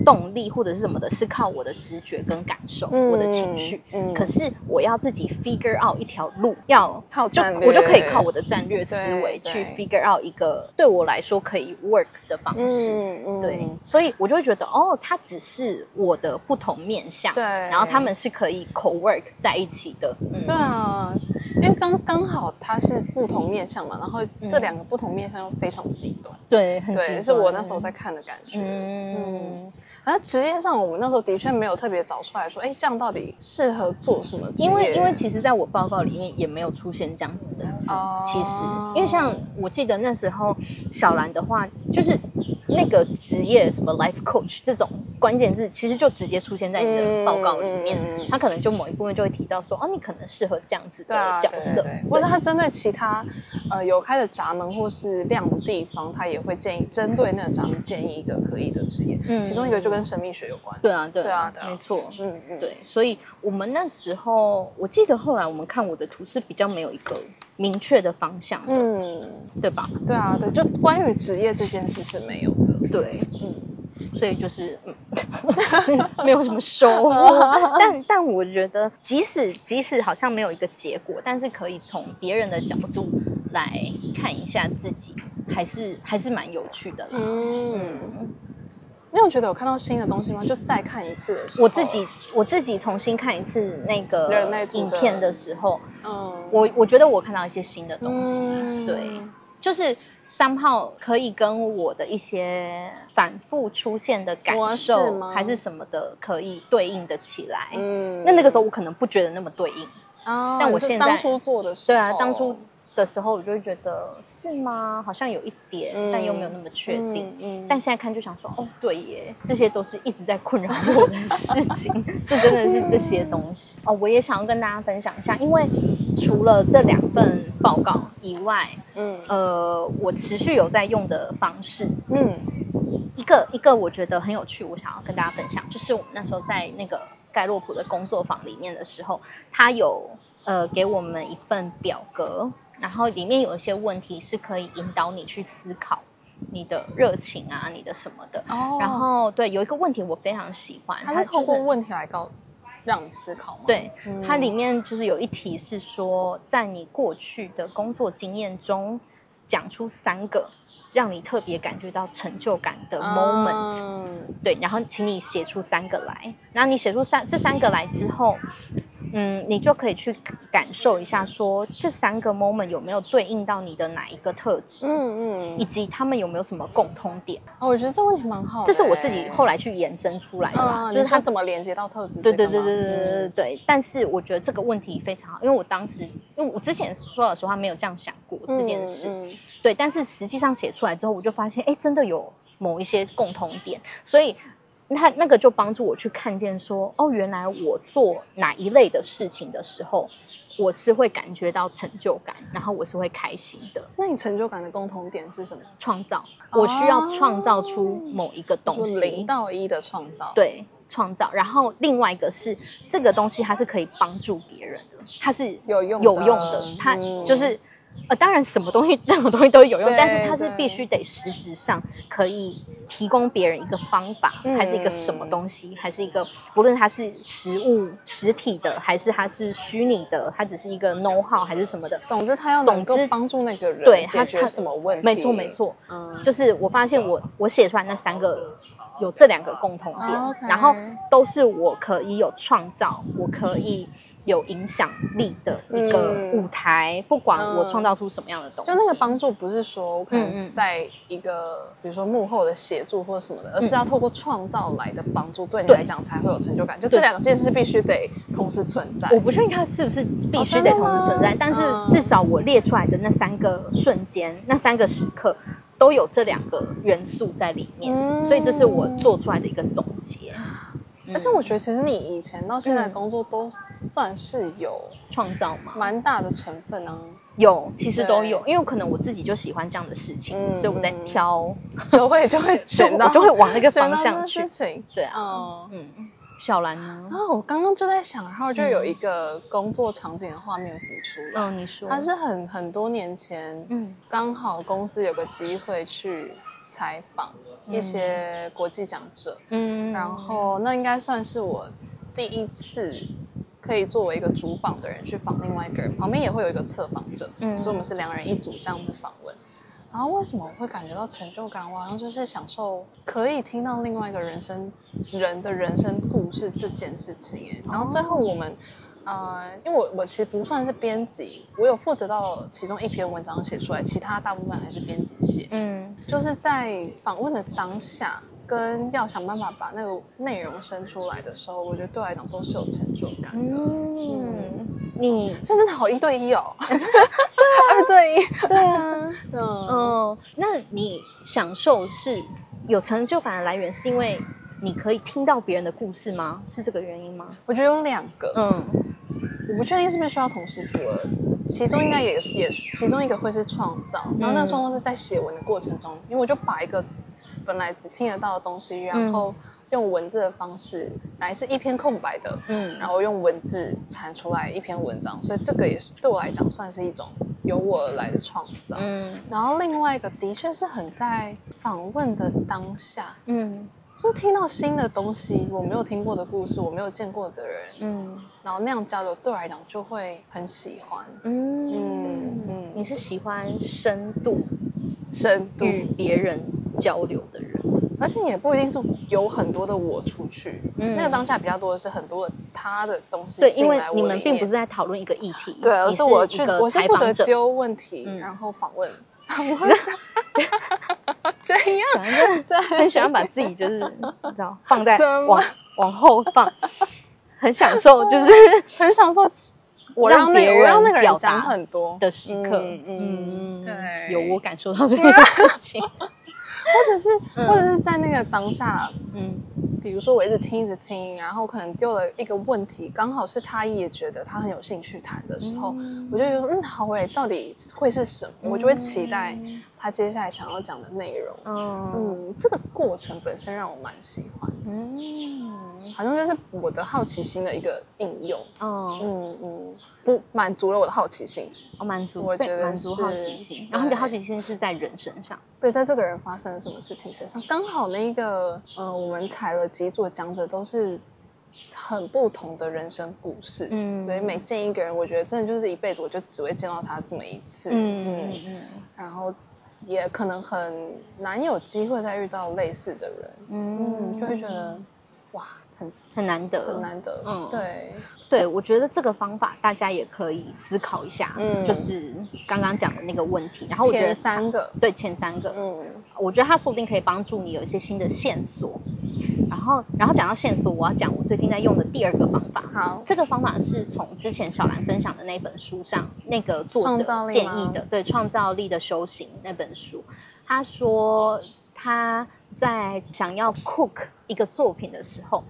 Speaker 2: 動力或者是什麼的，是靠我的直覺跟感受，嗯、我的情緒、嗯。可是我要自己 figure out 一條路，要靠戰略，就我就可以靠我的戰略思維去 figure out 一個對我來說可以 work 的方式。嗯、對、嗯，所以，我就會覺得，哦，它只是我的不同面向，對，然後他們是可以 co work 在一起的。對啊。嗯
Speaker 1: 對啊因為剛剛好他是不同面向嘛，然後這兩個不同面向又非常極端、
Speaker 2: 嗯，對，很奇怪，對，是我那時候在
Speaker 1: 看的感覺。嗯嗯，反正職業上我們那時候的確沒有特別找出來說，哎，這樣到底適合做什
Speaker 2: 麼職業？因為因為其實在我報告裡面也沒有出現這樣子的哦，其實、哦、因為像我記得那時候小蘭的話就是。那個職業什麼 life coach 這種關鍵字，其實就直接出現在你的報告裡面。嗯嗯嗯。他可能就某一部分就會提到說，哦，你可能適合這樣子的角色。對啊，對對對。對。或者他針對其他，呃，有開的
Speaker 1: 閘門或是亮的地方，他也會建議，嗯，針對那個閘門建議一個可以的職業。嗯。其中一個就跟神秘學
Speaker 2: 有關。對啊，對。對啊，對啊。沒錯，嗯嗯，對。所以我們那時候，我記得後來我們看我的圖是比較沒有一個。明確的方向的，嗯，對吧？對啊，對，就關於職業這件事是沒有的，對，嗯，所以就是，嗯， 沒有什麼收穫。 但但我覺得，即使即使好像沒有一個結果，但是可以從別人的角度來看一下自己，還是還是蠻有趣的嗯。嗯。你有覺
Speaker 1: 得有看到新的東西嗎？就再看一次的時
Speaker 2: 候、啊，我自己我自己重新看一次那個影片的時候，嗯，我我覺得我看到一些新的東西，嗯、對，就是三號可以跟我的一些反復出現的感受還是什麼的可以對應的起來、哦，嗯，那那個時候我可能不覺得那麼對應，哦，但我現在當初做的時候。對啊，當初。的時候，我就會覺得是嗎？好像有一點，嗯，但又沒有那麼確定。嗯，嗯，嗯。但現在看就想說，哦，對耶，這些都是一直在困擾我的事情， 就真的是這些東西。嗯。哦，我也想要跟大家分享一下，因為除了這兩份報告以外，嗯，呃，我持續有在用的方式，嗯，一個一個我覺得很有趣，我想要跟大家分享，就是我們那時候在那個蓋洛普的工作坊裡面的時候，他有呃給我們一份表格。然後裡面有一些問題是可以引導你去思考你的熱情啊，你的什麼的。Oh. 然後對，有一個問題我非常喜歡，它是透過問題來告、就是、讓你思考嗎？對、嗯，它裡面就是有一題是說，在你過去的工作經驗中，講出三個讓你特別感覺到成就感的 moment。Um. 對，然後請你寫出三個來。那你寫出三這三個來之後。嗯，你就可以去感受一下說，說、嗯、這三個 moment 有沒有對應到你的哪一個特質？嗯嗯，以及他們有沒有什麼共通點？
Speaker 1: 哦、我覺得這問題蠻好、欸，這是我自己後
Speaker 2: 來去延伸出來的、啊，就是他怎麼連
Speaker 1: 接到特質？對對對對對對對、對、對、
Speaker 2: 對、嗯、對。但是我覺得這個問題非常好，因為我當時，因為我之前說老實話沒有這樣想過這件事、嗯嗯，對，但是實際上寫出來之後，我就發現，哎，真的有某一些共通點，所以。那那個就幫助我去看見說，哦，原來我做哪一類的事情的時候，我是會感覺到成就感，然後我是會開心的。那你成就感的共同點是什麼？創造，我需要創造出某一個東西。哦，就是零到一的創造，對，創造。然後另外一個是，這個東西它是可以幫助別人的，它是有用有用的，它就是。嗯呃，當然，什麼東西任何東西都有用，但是它是必須得實質上可以提供別人一個方法，嗯、還是一個什麼東西，還是一個，無論它是實物實體的，還是它是虛擬的，它只是一個 know how，還是什麼的。總之，它要總之幫
Speaker 1: 助那個人。對，他他什麼問題？沒錯沒錯，嗯，
Speaker 2: 就是我發現我我寫出來那三個有這兩個共同點。哦 okay，然後都是我可以有創造，我可以。嗯有影響力的一個舞台、嗯，不管我創造出什麼樣的東西，就那個
Speaker 1: 幫助不是說嗯可能在一個比如說幕後的協助或者什麼的、嗯，而是要透過創造來的幫助，對你來講才會有成就感。就這兩件事必須得同時存在。嗯、我不確定它
Speaker 2: 是不是必須得同時存在、哦，但是至少我列出來的那三個瞬間，嗯、那三個時刻都有這兩個元素在裡面、嗯，所以這是我做出來的一個總結。而且我覺得，其實你以前到現在工作都算是有創造嘛，蠻大的成分呢？啊。有，其實都有，因為可能我自己就喜歡這樣的事情，嗯、所以我在挑，
Speaker 1: 就會就會選到，到，就會往那個方向去選到事
Speaker 2: 情。對啊，嗯，小蘭呢？啊、嗯，
Speaker 1: 我剛剛就在想，然後就有一個工作場景的畫面浮
Speaker 2: 出來。哦，你說。還是
Speaker 1: 很很多年前，嗯，剛好公司有個機會去，採訪一些國際講者，嗯，然後那應該算是我第一次可以作為一個主訪的人去訪另外一個人，旁邊也會有一個側訪者，嗯，所以我們是兩人一組這樣子訪問。然後為什麼我會感覺到成就感？我好像就是享受可以聽到另外一個人生，人的人生故事這件事情，欸。哎，然後最後我們。哦呃，因為我我其實不算是編輯，我有負責到其中一篇文章寫出來，其他大部分還是編輯寫。嗯，就是在訪問的當下，跟要想辦法把那個內容生出來的時候，我覺得對我來講都是有成就感嗯。嗯，
Speaker 2: 你這是好一對一哦，二 對一、啊啊，對啊，嗯嗯、呃，那你享受是有成就感的來源，是因為？你可以聽到別人的故事嗎？是這個原因嗎？我覺得有兩個，嗯，我不確定是不是需要同時複耳，其中應該也、嗯、也是其中一個會是創造，嗯、然後那創
Speaker 1: 造是在寫文的過程中，因為我就把一個本來只聽得到的東西，然後用文字的方式，本來是一篇空白的，嗯，然後用文字產出來一篇文章，所以這個也是對我來講算是一種由我而來的創造，嗯，然後另外一個的確是很在訪問的當下，嗯。就聽到新的東西，我沒有聽過的故事，我沒有見過的人，
Speaker 2: 嗯，
Speaker 1: 然後那樣交流對我來
Speaker 2: 講就會很喜歡，嗯嗯，你是喜歡深度，深度與別人交流的人，而且也不一定是有很多的我出去，嗯，那個當下比較
Speaker 1: 多的是很多他的東西進來我裡面，對，因為，你們並不是
Speaker 2: 在討論一個議題，對啊，而是啊，我去我是負責丟
Speaker 1: 問題，嗯，然後訪問。
Speaker 2: 一樣，樣，很喜歡把自己就是你知道放在往往後放，很享受，就是 很享受讓
Speaker 1: 我，讓我讓那個人表達很多的時刻，嗯，
Speaker 2: 對，有我感受到這個事情。
Speaker 1: 或者是，或者是在那個當下，嗯，比如說我一直聽一直聽，然後可能丟了一個問題，剛好是他也覺得他很有興趣談的時候，嗯、我就覺得嗯好耶，到底會是什麼、嗯？我就會期待他接下來想要講的內容。嗯嗯，這個過程本身讓我蠻喜歡。嗯，好像就是我的好奇心的一個應用。嗯嗯。嗯不滿足了我的好奇心，我、哦、滿足，我覺得滿足好奇心。然後、啊、你的好奇心是在人身上，對，在這個人發生了什麼事情身上。剛好那一個，呃，我們採了幾組講者都是很不同的人生故事，嗯，所以每見一個人，我覺得真的就是一輩子我就只會見到他這麼一次，嗯嗯嗯，然後也可能很難有機會再遇到類似的人，嗯，
Speaker 2: 就會覺得、嗯、哇。很很難得，很難得，嗯，對，對我覺得這個方法大家也可以思考一下，嗯，就是剛剛講的那個問題，然後我覺得三個，對，前三個，嗯，我覺得它說不定可以幫助你有一些新的線索，然後，然後講到線索，我要講我最近在用的第二個方法。好，這個方法是從之前小蘭分享的那本書上那個作者建議的，對，創造力的修行那本書，他說他。在想要 cook 一個作品的時候，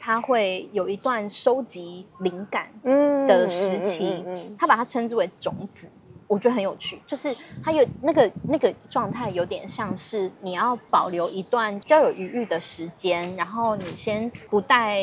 Speaker 2: 他會有一段收集靈感的時期，他、嗯嗯嗯嗯、把它稱之為種子，我覺得很有趣，就是他有那個那個狀態有點像是你要保留一段較有餘裕的時間，然後你先不帶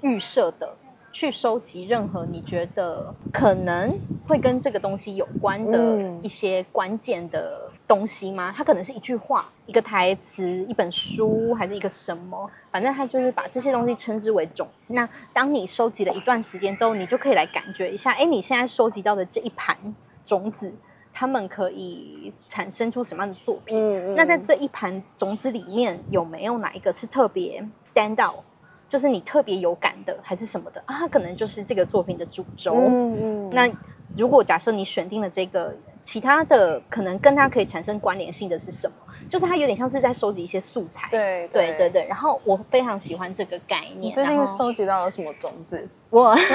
Speaker 2: 預設的。去收集任何你覺得可能會跟這個東西有關的一些關鍵的東西嗎？嗯，它可能是一句話、一個台詞、一本書，還是一個什麼？反正它就是把這些東西稱之為種。那當你收集了一段時間之後，你就可以來感覺一下，哎，你現在收集到的這一盤種子，它們可以產生出什麼樣的作品？嗯，那在這一盤種子裡面，有沒有哪一個是特別 stand out？就是你特別有感的還是什麼的啊？可能就是這個作品的主軸。嗯嗯。那如果假設你選定了這個，其他的可能跟它可以產生關聯性的是什麼？就是它有點像是在收集一些素材。對、嗯、對對對。然後我非常喜歡這個概念。你最近收集到了什麼種子？我哎、 欸、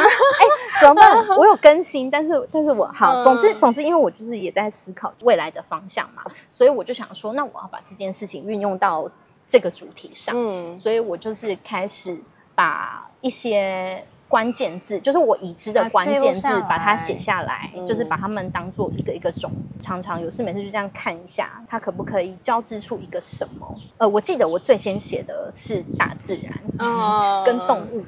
Speaker 2: 怎麼辦？我有更新，但是但是我好、嗯，總之總之，因為我就是也在思考未來的方向嘛，所以我就想說，那我要把這件事情運用到這個主題上，嗯，所以我就是開始把一些關鍵字，就是我已知的關鍵字，啊、把它寫下來、嗯，就是把它們當做一個一個種子，常常有事沒事就這樣看一下，它可不可以交織出一個什麼？呃，我記得我最先寫的是大自然，嗯，嗯嗯跟動物，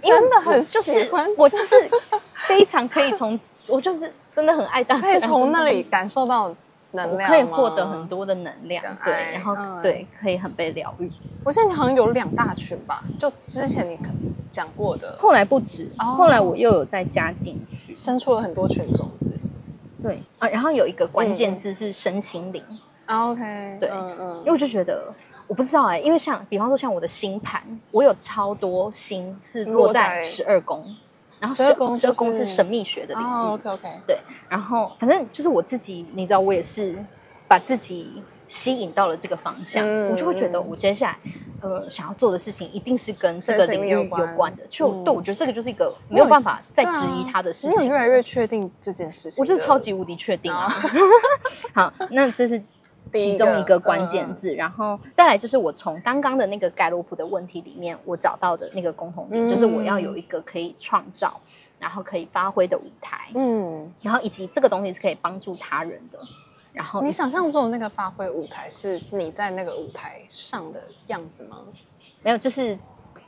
Speaker 1: 真的很喜歡
Speaker 2: 我、就是， 我就是非常可以從，我就是真的很愛大自然，可以從那裡感受到。能量，我可以獲得很多的能量，嗯、對，然後、嗯、對，可以很被療癒。我現在好像有兩大群
Speaker 1: 吧，就之前你可能講過的，
Speaker 2: 後來不止，哦、後來我又有再加進去，生出了很多群種子。對啊，然後有一個關鍵字是身心靈。OK、嗯。對，啊、okay, 對嗯嗯，因為我就覺得，我不知道哎、欸，因為像，比方說像我的星盤，我有超多星是落在十二宮。然後是，十二宮，就是，神秘學的領域，哦 okay, okay，對，然後反正就是我自己，你知道，我也是把自己吸引到了這個方向，嗯、我就會覺得我接下來呃想要做的事情一定是跟這個領域有關的，就對我，嗯、我覺得這個就是一個沒有辦法再質疑他的事情，你越來越確定這件事情，我是超級無敵確定啊！哦、 好，那這是。其中一個關鍵字，嗯、然後再來就是我從剛剛的那個蓋洛普的問題裡面，我找到的那個共同點、嗯、就是我要有一個可以創造，然後可以發揮的舞台，嗯，然後以及這個東西是可以幫助他人的。然後你想象中的那
Speaker 1: 個發揮舞台是你在那個舞台上的樣子嗎？
Speaker 2: 沒有，就是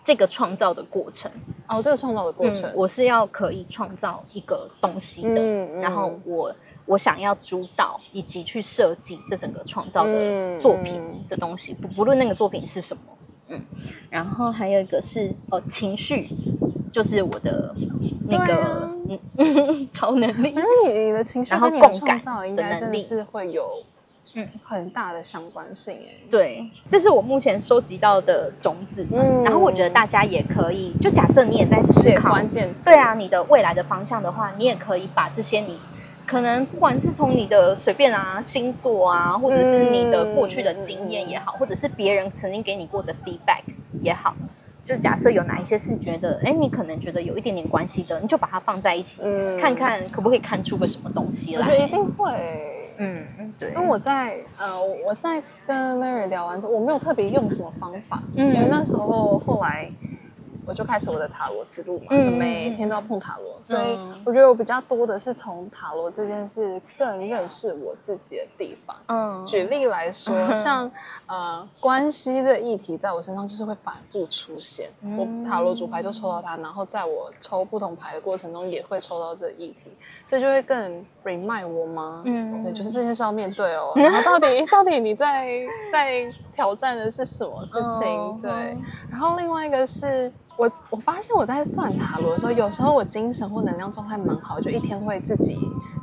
Speaker 2: 這個創造的過程。哦，這個創造的過程，嗯、我是要可以創造一個東西的，嗯嗯、然後我。我想要主導以及去設計這整個創造的作品的東西，嗯嗯、不不論那個作品是什麼，嗯。然後還有一個是呃情緒，就是我的那個、啊、嗯， 超能力。反、嗯、正你的情緒跟共感跟的、的、的能力是
Speaker 1: 會有嗯很大的相關性誒、欸。對，
Speaker 2: 這是我目前收集到的種子。嗯。然後我覺得大家也可以，就假設你也在思考關鍵詞，對啊，你的未來的方向的話，你也可以把這些你。可能不管是從你的隨便啊星座啊，或者是你的過去的經驗也好，嗯，或者是別人曾經給你過的 feedback 也好，就假設有哪一些是覺得，哎，你可能覺得有一點點關係的，你就把它放在一起，嗯，看看可不可以看出個什麼東西來。對，一定會。嗯，對。那我在
Speaker 1: 呃，我在跟 Mary 聊完之後，我沒有特別用什麼方法，嗯，因為那時候後來。我就開始我的塔羅之路嘛，嗯，每天都要碰塔羅、嗯，所以我覺得我比較多的是從塔羅這件事更認識我自己的地方。嗯，舉例來說，嗯、像、嗯、呃，關係的議題，在我身上就是會反覆出現。嗯、我塔羅主牌就抽到它，然後在我抽不同牌的過程中，也會抽到這個議題，所以就會更 remind 我嗎，嗯，對，就是這件事要面對哦。然後到底 到底你在在。挑戰的是什麼事情？Oh, 對，oh. 然後另外一個是我我發現我在算塔羅的時候，有時候我精神或能量狀態蠻好，就一天會自己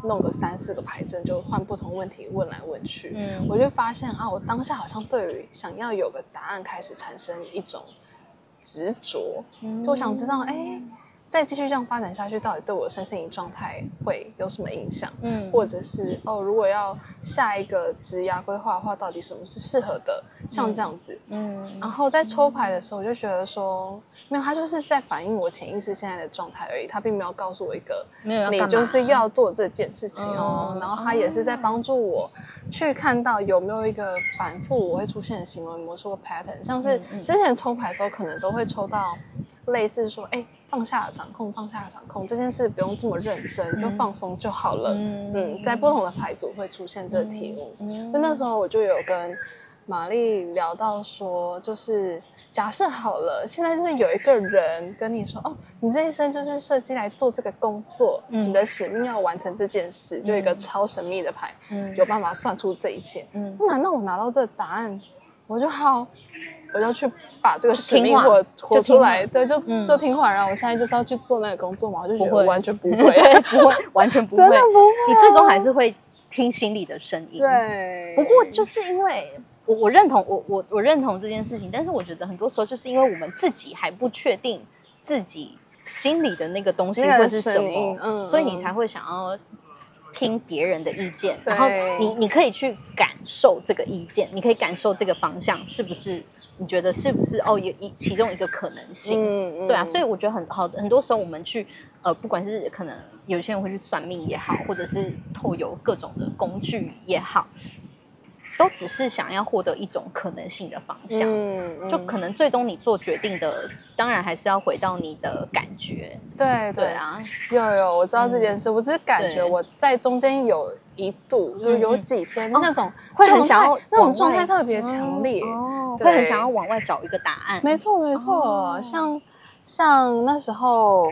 Speaker 1: 弄個三四個牌陣，就換不同問題問來問去。嗯、mm.，我就發現啊，我當下好像對於想要有個答案開始產生一種執着，就我想知道哎。Mm. 誒再繼續這樣發展下去，到底對我身心靈狀態會有什麼影響？嗯，或者是哦，如果要下一個職涯規劃的話，到底什麼是適合的、嗯？像這樣子，嗯。然後在抽牌的時候，我就覺得說，嗯、沒有，他就是在反映我潛意識現在的狀態而已，他並沒有告訴我一個沒有你就是要做這件事情哦。嗯、然後他也是在幫助我去看到有沒有一個反復我會出現的行為模式或 pattern，像是之前抽牌的時候可能都會抽到類似說，哎。放下掌控，放下掌控這件事不用這麼認真，嗯、就放鬆就好了。嗯，嗯在不同的牌組會出現這題目。就、嗯嗯、那時候我就有跟瑪麗聊到說，就是假設好了，現在就是有一個人跟你說，哦，你這一生就是設計來做這個工作，嗯、你的使命要完成這件事、嗯，就一個超神秘的牌，嗯，有辦法算出這一切。嗯，難道我拿到這個答案，我就好？我要去把這個事情給我拖出來，對，就說、嗯、聽話，然後我現在就是要去做那個工作嘛，我就覺得完全不會，不會， 不會
Speaker 2: 完全不會， 真的不會、啊。你最終還是會聽心裡的聲
Speaker 1: 音。對。
Speaker 2: 不過就是因為我我認同我我我認同這件事情，但是我覺得很多時候就是因為我們自己還不確定自己心裡的那個東西會是什麼，嗯，所以你才會想要聽別人的意見。然後你你可以去感受這個意見，你可以感受這個方向是不是。你覺得是不是哦？有一其中一個可能性。嗯嗯，對啊，所以我覺得很好，很多時候我們去呃，不管是可能有些人會去算命也好，或者是透過各種的工具也好。都只是想要獲得一種可能性的方向，嗯，就可能最終你做決定的，嗯，當然還是要回到你的感覺。
Speaker 1: 對對啊，有有，我知道這件事，我，嗯、只是感覺我在中間有一度，有，嗯、有幾天，嗯、那種，哦、會很想要，那種狀態特別強烈，
Speaker 2: 嗯哦，會很想要往外找一個答
Speaker 1: 案。沒錯沒錯，哦，像像那時候。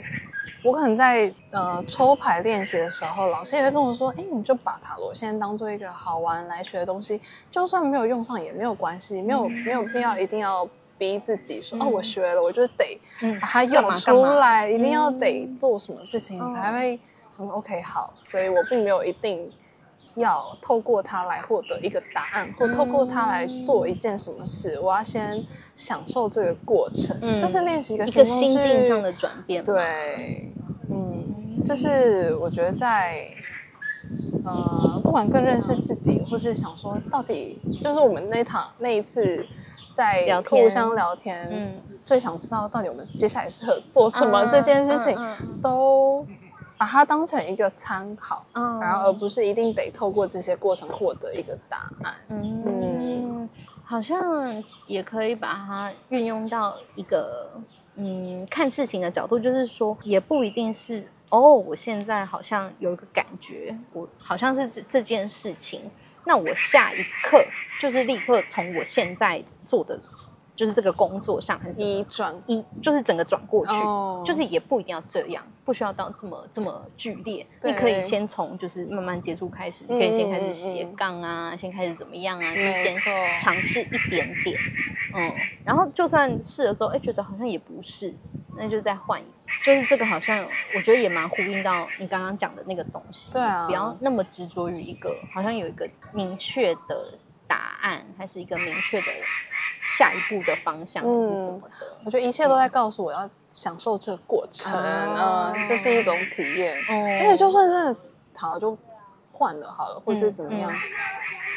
Speaker 1: 我可能在呃抽牌練習的時候，老師也會跟我說，哎，你就把塔羅先當做一個好玩來學的東西，就算沒有用上也沒有關係，嗯、沒有沒有必要一定要逼自己說，嗯、哦，我學了我就得把它用出來、嗯，一定要得做什麼事情才會什麼、哦、OK 好，所以我並沒有一定。要透過它來獲得一個答案，或透過它來做一件什麼事，嗯，我要先享受這個過程，嗯、就是練習一個什麼心境上的轉變。對，嗯，嗯，就是我覺得在，呃，不管更認識自己，嗯、或是想說到底，就是我們那趟那一次在互相聊天、嗯，最想知道到底我們接下來適合做什麼這件事情，嗯嗯嗯嗯、都把它當成一個參考，然、oh. 後而不是一定得透過這些過程獲得一個答案。
Speaker 2: 嗯，好像也可以把它運用到一個嗯看事情的角度，就是說也不一定是哦，我現在好像有一個感覺，我好像是這這件事情，那我下一刻就是立刻從我現在做的事情。就是這個工作上還是一轉一，就是整個轉過去，oh. 就是也不一定要這樣，不需要到這麼這麼劇烈。你可以先從就是慢慢接觸開始，mm -hmm. 你可以先開始斜槓啊，mm -hmm. 先開始怎麼樣啊，yes, 你先嘗試一點點。So. 嗯，然後就算試了之後，哎，覺得好像也不是，那就再換。就是這個好像我覺得也蠻呼應到你剛剛講的那個東西，對啊，不要那麼執着於一個好像有一個明確的答案，還是一個明確的。下一步的方向是什麼的、嗯。我覺得一切
Speaker 1: 都在告訴我要享受這個過程啊，這、嗯，就是一種體驗。嗯、而且就算是好就換了好
Speaker 2: 了，嗯、或是怎麼樣、嗯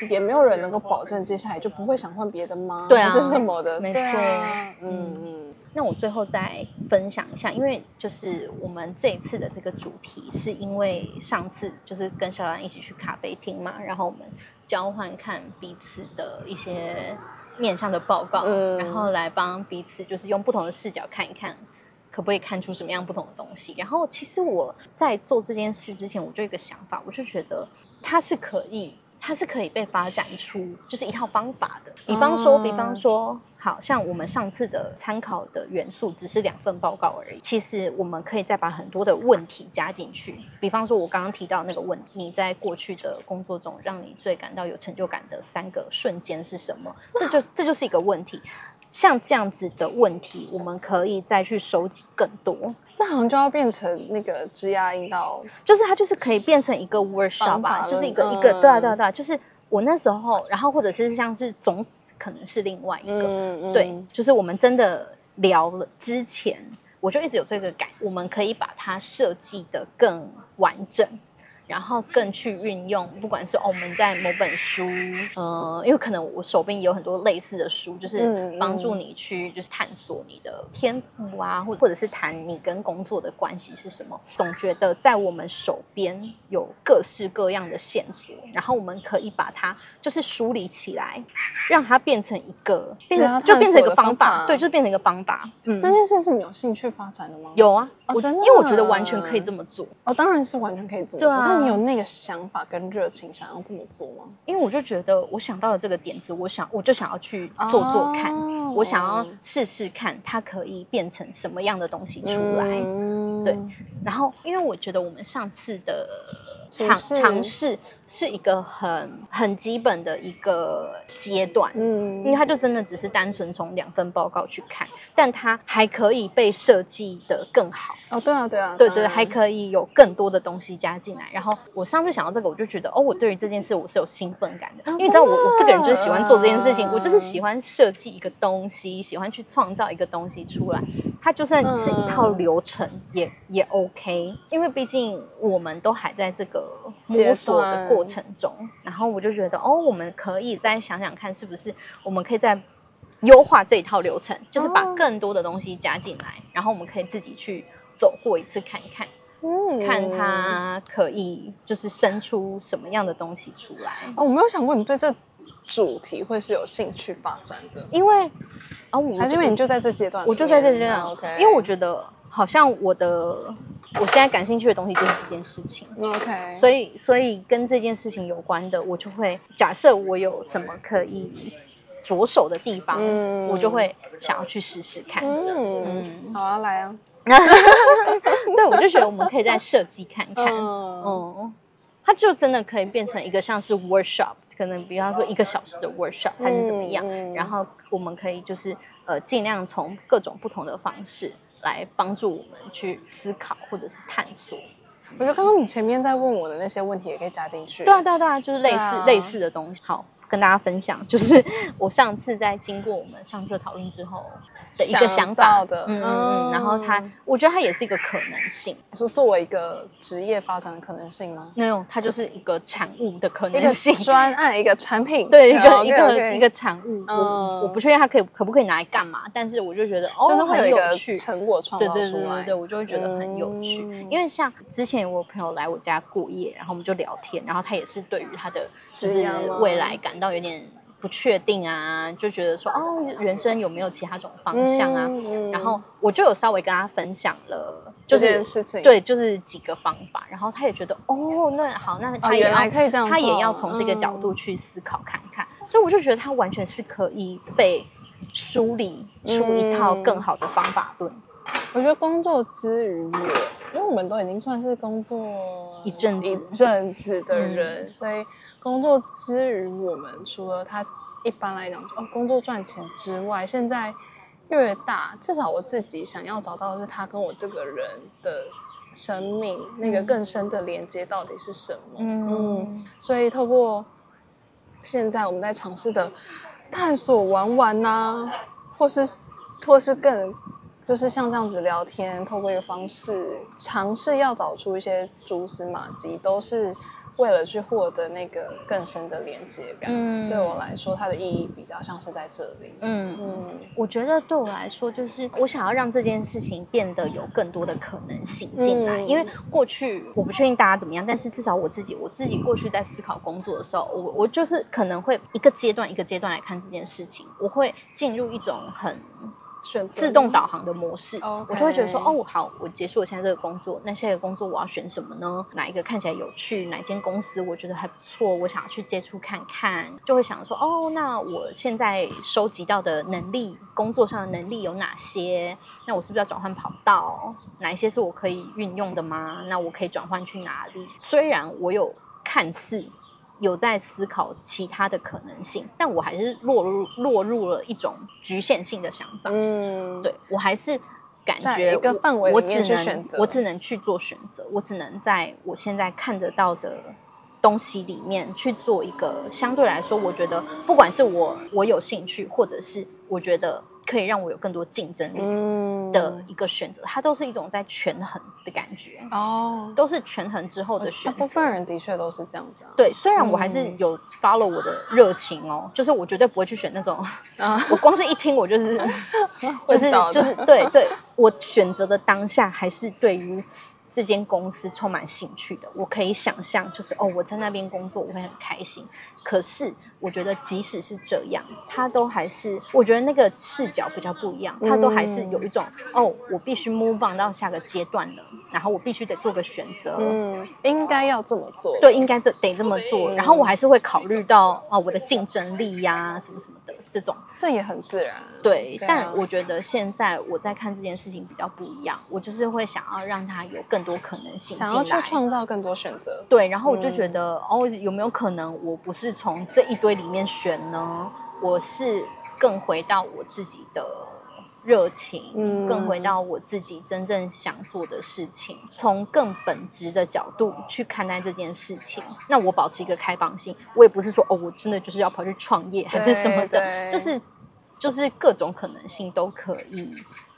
Speaker 1: 嗯，也沒有人能夠
Speaker 2: 保證接下來就不會想換別的嗎？對啊，是什麼的，沒錯。嗯嗯。那我最後再分享一下，因為就是我們這一次的這個主題，是因為上次就是跟小蘭一起去咖啡廳嘛，然後我們交換看彼此的一些，面向的報告，嗯，然後來幫彼此，就是用不同的視角看一看，可不可以看出什麼樣不同的東西。然後，其實我在做這件事之前，我就有個想法，我就覺得它是可以，它是可以被發展出就是一套方法的，嗯。比方說，比方說。好像我們上次的參考的元素只是兩份報告而已，其實我們可以再把很多的問題加進去，比方說我剛剛提到那個問題，你在過去的工作中讓你最感到有成就感的三個瞬間是什麼？這就這就是一個問題，像這樣子的問題，我們可以再去收集更多。那好像就要變成那個職涯引導，就是它就是可以變成一個 workshop 吧，就是一個一個對啊對啊對啊，就是我那時候，然後或者是像是種子。可能是另外一個、嗯嗯，對，就是我們真的聊了之前，我就一直有這個感，我們可以把它設計得更完整。然後更去運用，不管是、哦、我們在某本書，嗯、呃，因為可能我手邊也有很多類似的書，就是幫助你去就是探索你的天賦啊，或、嗯、者、嗯、或者是談你跟工作的關係是什麼。總覺得在我們手邊有各式各樣的線索，然後我們可以把它就是梳理起來，讓它變成一個，變成就變成一個方法，對、嗯，就變成一個方法。嗯，這件事是你有興趣發展的嗎？有啊，哦、真的？我，因為我覺得完全可以這麼做。哦，當然是完全可以做。對啊。做。你有那個想法跟熱情想要這麼做嗎？因為我就覺得，我想到了這個點子，我想我就想要去做做看，啊、我想要試試看它可以變成什麼樣的東西出來。嗯、對，然後因為我覺得我們上次的
Speaker 1: 嘗嘗試。
Speaker 2: 是一個很很基本的一個階段，嗯，因為它就真的只是單純從兩份報告去看，但它還可以被設計的更好哦，對啊，對啊對，對對，還可以有更多的東西加進來。然後我上次想到這個，我就覺得哦，我對於這件事我是有興奮感的，啊、因為你知道我、啊、我這個人就是喜歡做這件事情、啊，我就是喜歡設計一個東西，喜歡去創造一個東西出來。它就算是一套流程、嗯、也也 OK，因為畢竟我們都還在這個摸索的過程。過程中，然後我就覺得哦，我們可以再想想看，是不是我們可以再優化這一套流程，就是把更多的東西加進來，哦、然後我們可以自己去走過一次，看看，嗯，看它可以就是生出什麼樣的東西出來。哦，我沒有想過你對這主題會是有興趣發展的，因為啊、哦，我還是因為你就在這階段，我就在這階段、哦、，OK。因為我覺得好像我的。我現在感興趣的東西就是這件事情。
Speaker 1: OK，所
Speaker 2: 以所以跟這件事情有關的，我就會假設我有什麼可以着手的地方，嗯、我就會想要去試試看嗯。嗯，好啊，來啊。 對，我就覺得我們可以再設計看看。哦、嗯嗯。它就真的可以變成一個像是 workshop，可能比方說一個小時的 workshop 還是怎麼樣、嗯嗯，然後我們可以就是呃盡量從各種不同的方式。來幫助我們去思考或者是探索，我覺得剛剛你前面在問我的那些問題也可以加進去。 對啊對啊對啊，就是類似、啊、類似的東西。好，跟大家分享， 就是我上次在經過我們上課討論之後。的一個想法。想到的嗯嗯，嗯，然後他、嗯，我覺得他也是一個可能性，你說作為一個職業發展的
Speaker 1: 可能性嗎？
Speaker 2: 沒有，它就是一個產物的可能性，一個
Speaker 1: 專案，一個產品，對，一個一個、okay, okay. 一個
Speaker 2: 產物。嗯，我，我不確定它可以可不可以拿來幹嘛，但是我就覺得哦，就是會有一個成果創造出來，對對，對，對，對，我就會覺得很有趣，嗯，因為像之前我朋友來我家過夜，然後我們就聊天，然後他也是對於他的就是未來感到有點。不確定啊，就覺得說哦，人生有沒有其他種方向啊？嗯嗯、然後我就有稍微跟他分享了、就是，就這件事情，對，就是幾個方法。然後他也覺得哦，那好，那他也、哦、原來可以這樣，他也要從這個角度去思考看看、嗯。所以我就覺得他完全是可以被梳理出一套更好的方法論。我覺得工作之餘，我。因為我們都已經算是工作
Speaker 1: 一陣一陣、一陣子的人，嗯，所以工作之餘，我們除了他一般來講工作賺錢之外，現在越大，至少我自己想要找到的是他跟我這個人的生命、嗯、那個更深的連接到底是什麼嗯。嗯，所以透過現在我們在嘗試的探索玩玩吶，啊，或是或是更。就是像這樣子聊天，透過一個方式嘗試要找出一些蛛絲馬跡，都是為了去獲得那個更深的連接感。嗯，對我來說，它的意義比較像是在這裡。嗯嗯，
Speaker 2: 我覺得對我來說，就是我想要讓這件事情變得有更多的可能性進來，嗯，因為過去我不確定大家怎麼樣，但是至少我自己，我自己過去在思考工作的時候，我我就是可能會一個階段一個階段來看這件事情，我會進入一種很。自動導航的模式，okay. 我就會覺得說，哦，好，我結束我現在這個工作，那下一個工作我要選什麼呢？哪一個看起來有趣？哪一間公司我覺得還不錯？我想要去接觸看看，就會想說，哦，那我現在收集到的能力，工作上的能力有哪些？那我是不是要轉換跑道？哪一些是我可以運用的嗎？那我可以轉換去哪裡？雖然我有看似。有在思考其他的可能性，但我還是落入落入了一種侷限性的想法。嗯，對，我還是感覺我在一個範圍裡面，我只能去選擇，我只能去做選擇，我只能在我現在看得到的東西裡面去做一個相對來說，我覺得不管是我我有興趣，或者是我覺得。可以讓我有更多競爭力的一個選擇、嗯，它都是一種在權衡的感覺哦，都是權衡之後的選。大部分人的確都是這樣子、啊。對、嗯，雖然我還是有 follow 我的熱情哦，就是我絕對不會去選那種，啊。我光是一聽我就是， 就是就，就是對對，我選擇的當下還是對於。這間公司充滿興趣的，我可以想象，就是哦，我在那邊工作，我會很開心。可是我覺得，即使是這樣，他都還是我覺得那個視角比較不一樣，他都還是有一種、嗯、哦，我必須 move on 到下個階段了，然後我必須得做個選擇。嗯，應
Speaker 1: 該要這麼做，啊、對，
Speaker 2: 應該這得這麼做。然後我還是會考慮到哦、啊，我的競爭力呀、啊，什麼什麼的這種，這也很自然。對，對、啊，但我覺得現在我在看這件事情比較不一樣，我就是會想要讓它有更。多可能性，想要去創
Speaker 1: 造更多選擇。對，然後我就覺得，
Speaker 2: 嗯，哦，有沒有可能我不是從這一堆裡面選呢？我是更回到我自己的熱情，嗯，更回到我自己真正想做的事情，從更本質的角度去看待這件事情。那我保持一個開放性，我也不是說哦，我真的就是要跑去創業還是什麼的，就是就是各種可能性都可以。.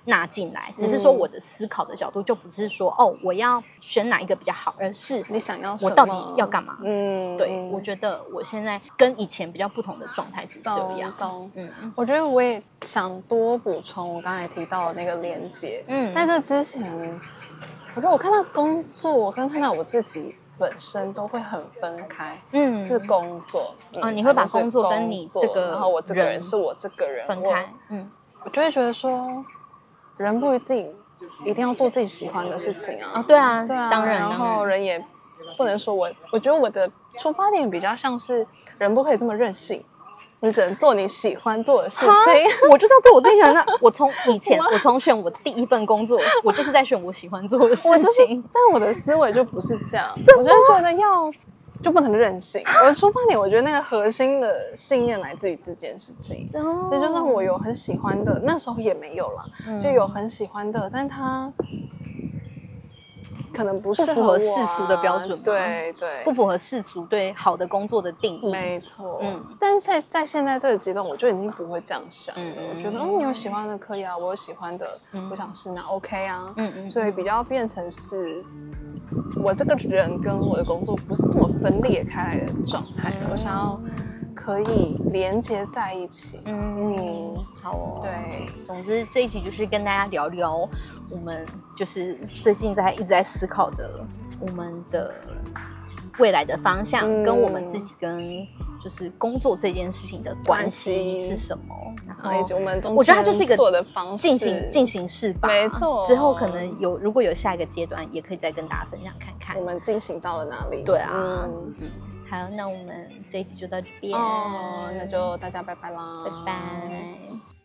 Speaker 2: 拿進來，只是說我的思考的角度就不是說、嗯、哦，我要選哪一個比較好，而是你想要什麼，我到底要幹嘛？嗯，對，嗯，我覺得我現在跟以前比較不同的狀態是這樣噹
Speaker 1: 噹。嗯，我覺得我也想多補充我剛才提到的那個連接。嗯，在這之前，我覺得我看到工作，我剛剛看到我自己本身都會很分開。嗯，就是工作。嗯，啊、你會把工作，工作跟你這個，然後我這個人是我這個人分開。嗯，我就會覺得說。人不一定一定要做自己喜歡的事情啊！啊，對啊，對啊，當然，然後人也不能說我，我覺得我的出發點比較像是人不可以這麼任性，你只能做你喜歡做的事情。 我就是要做我自己人啊！ 我從以前我，我從選我第一份工作，我就是在選我喜歡做的事情。我就是，但我的思維就不是這樣，我就覺得要。就不能任性。我出發點，我覺得那個核心的信念來自於這件事情。那 就是我有很喜歡的，那時候也沒有了、嗯。就有很喜歡的，但它可能不適合我、啊、不符合世俗的標準。對對。不符合世俗對好的工作的定義。嗯、沒錯、嗯。但是在在現在這個階段，我就已經不會這樣想了、嗯、我覺得哦，你有喜歡的可以啊，我有喜歡的，不想試那、嗯、OK 啊嗯。嗯。所以比較變成是。我這個人跟我的工作不是這麼分裂開來的狀態，嗯、我想要可以連
Speaker 2: 接在一起。嗯，嗯好、哦，對。總之這一集就是跟大家聊聊，我們就是最近在一直在思考的，我們的。未來的方向，嗯、跟我們自己跟就是工作這件事情的關係是什麼？然後我們我覺得它就是一個進行進行釋放沒錯，哦。之後可能有如果有下一個階段，也可以再跟大家分享看看，我們進行到了哪裡？對啊，嗯嗯，好，那我們這一集就到這邊哦，那就大家拜拜啦，拜拜。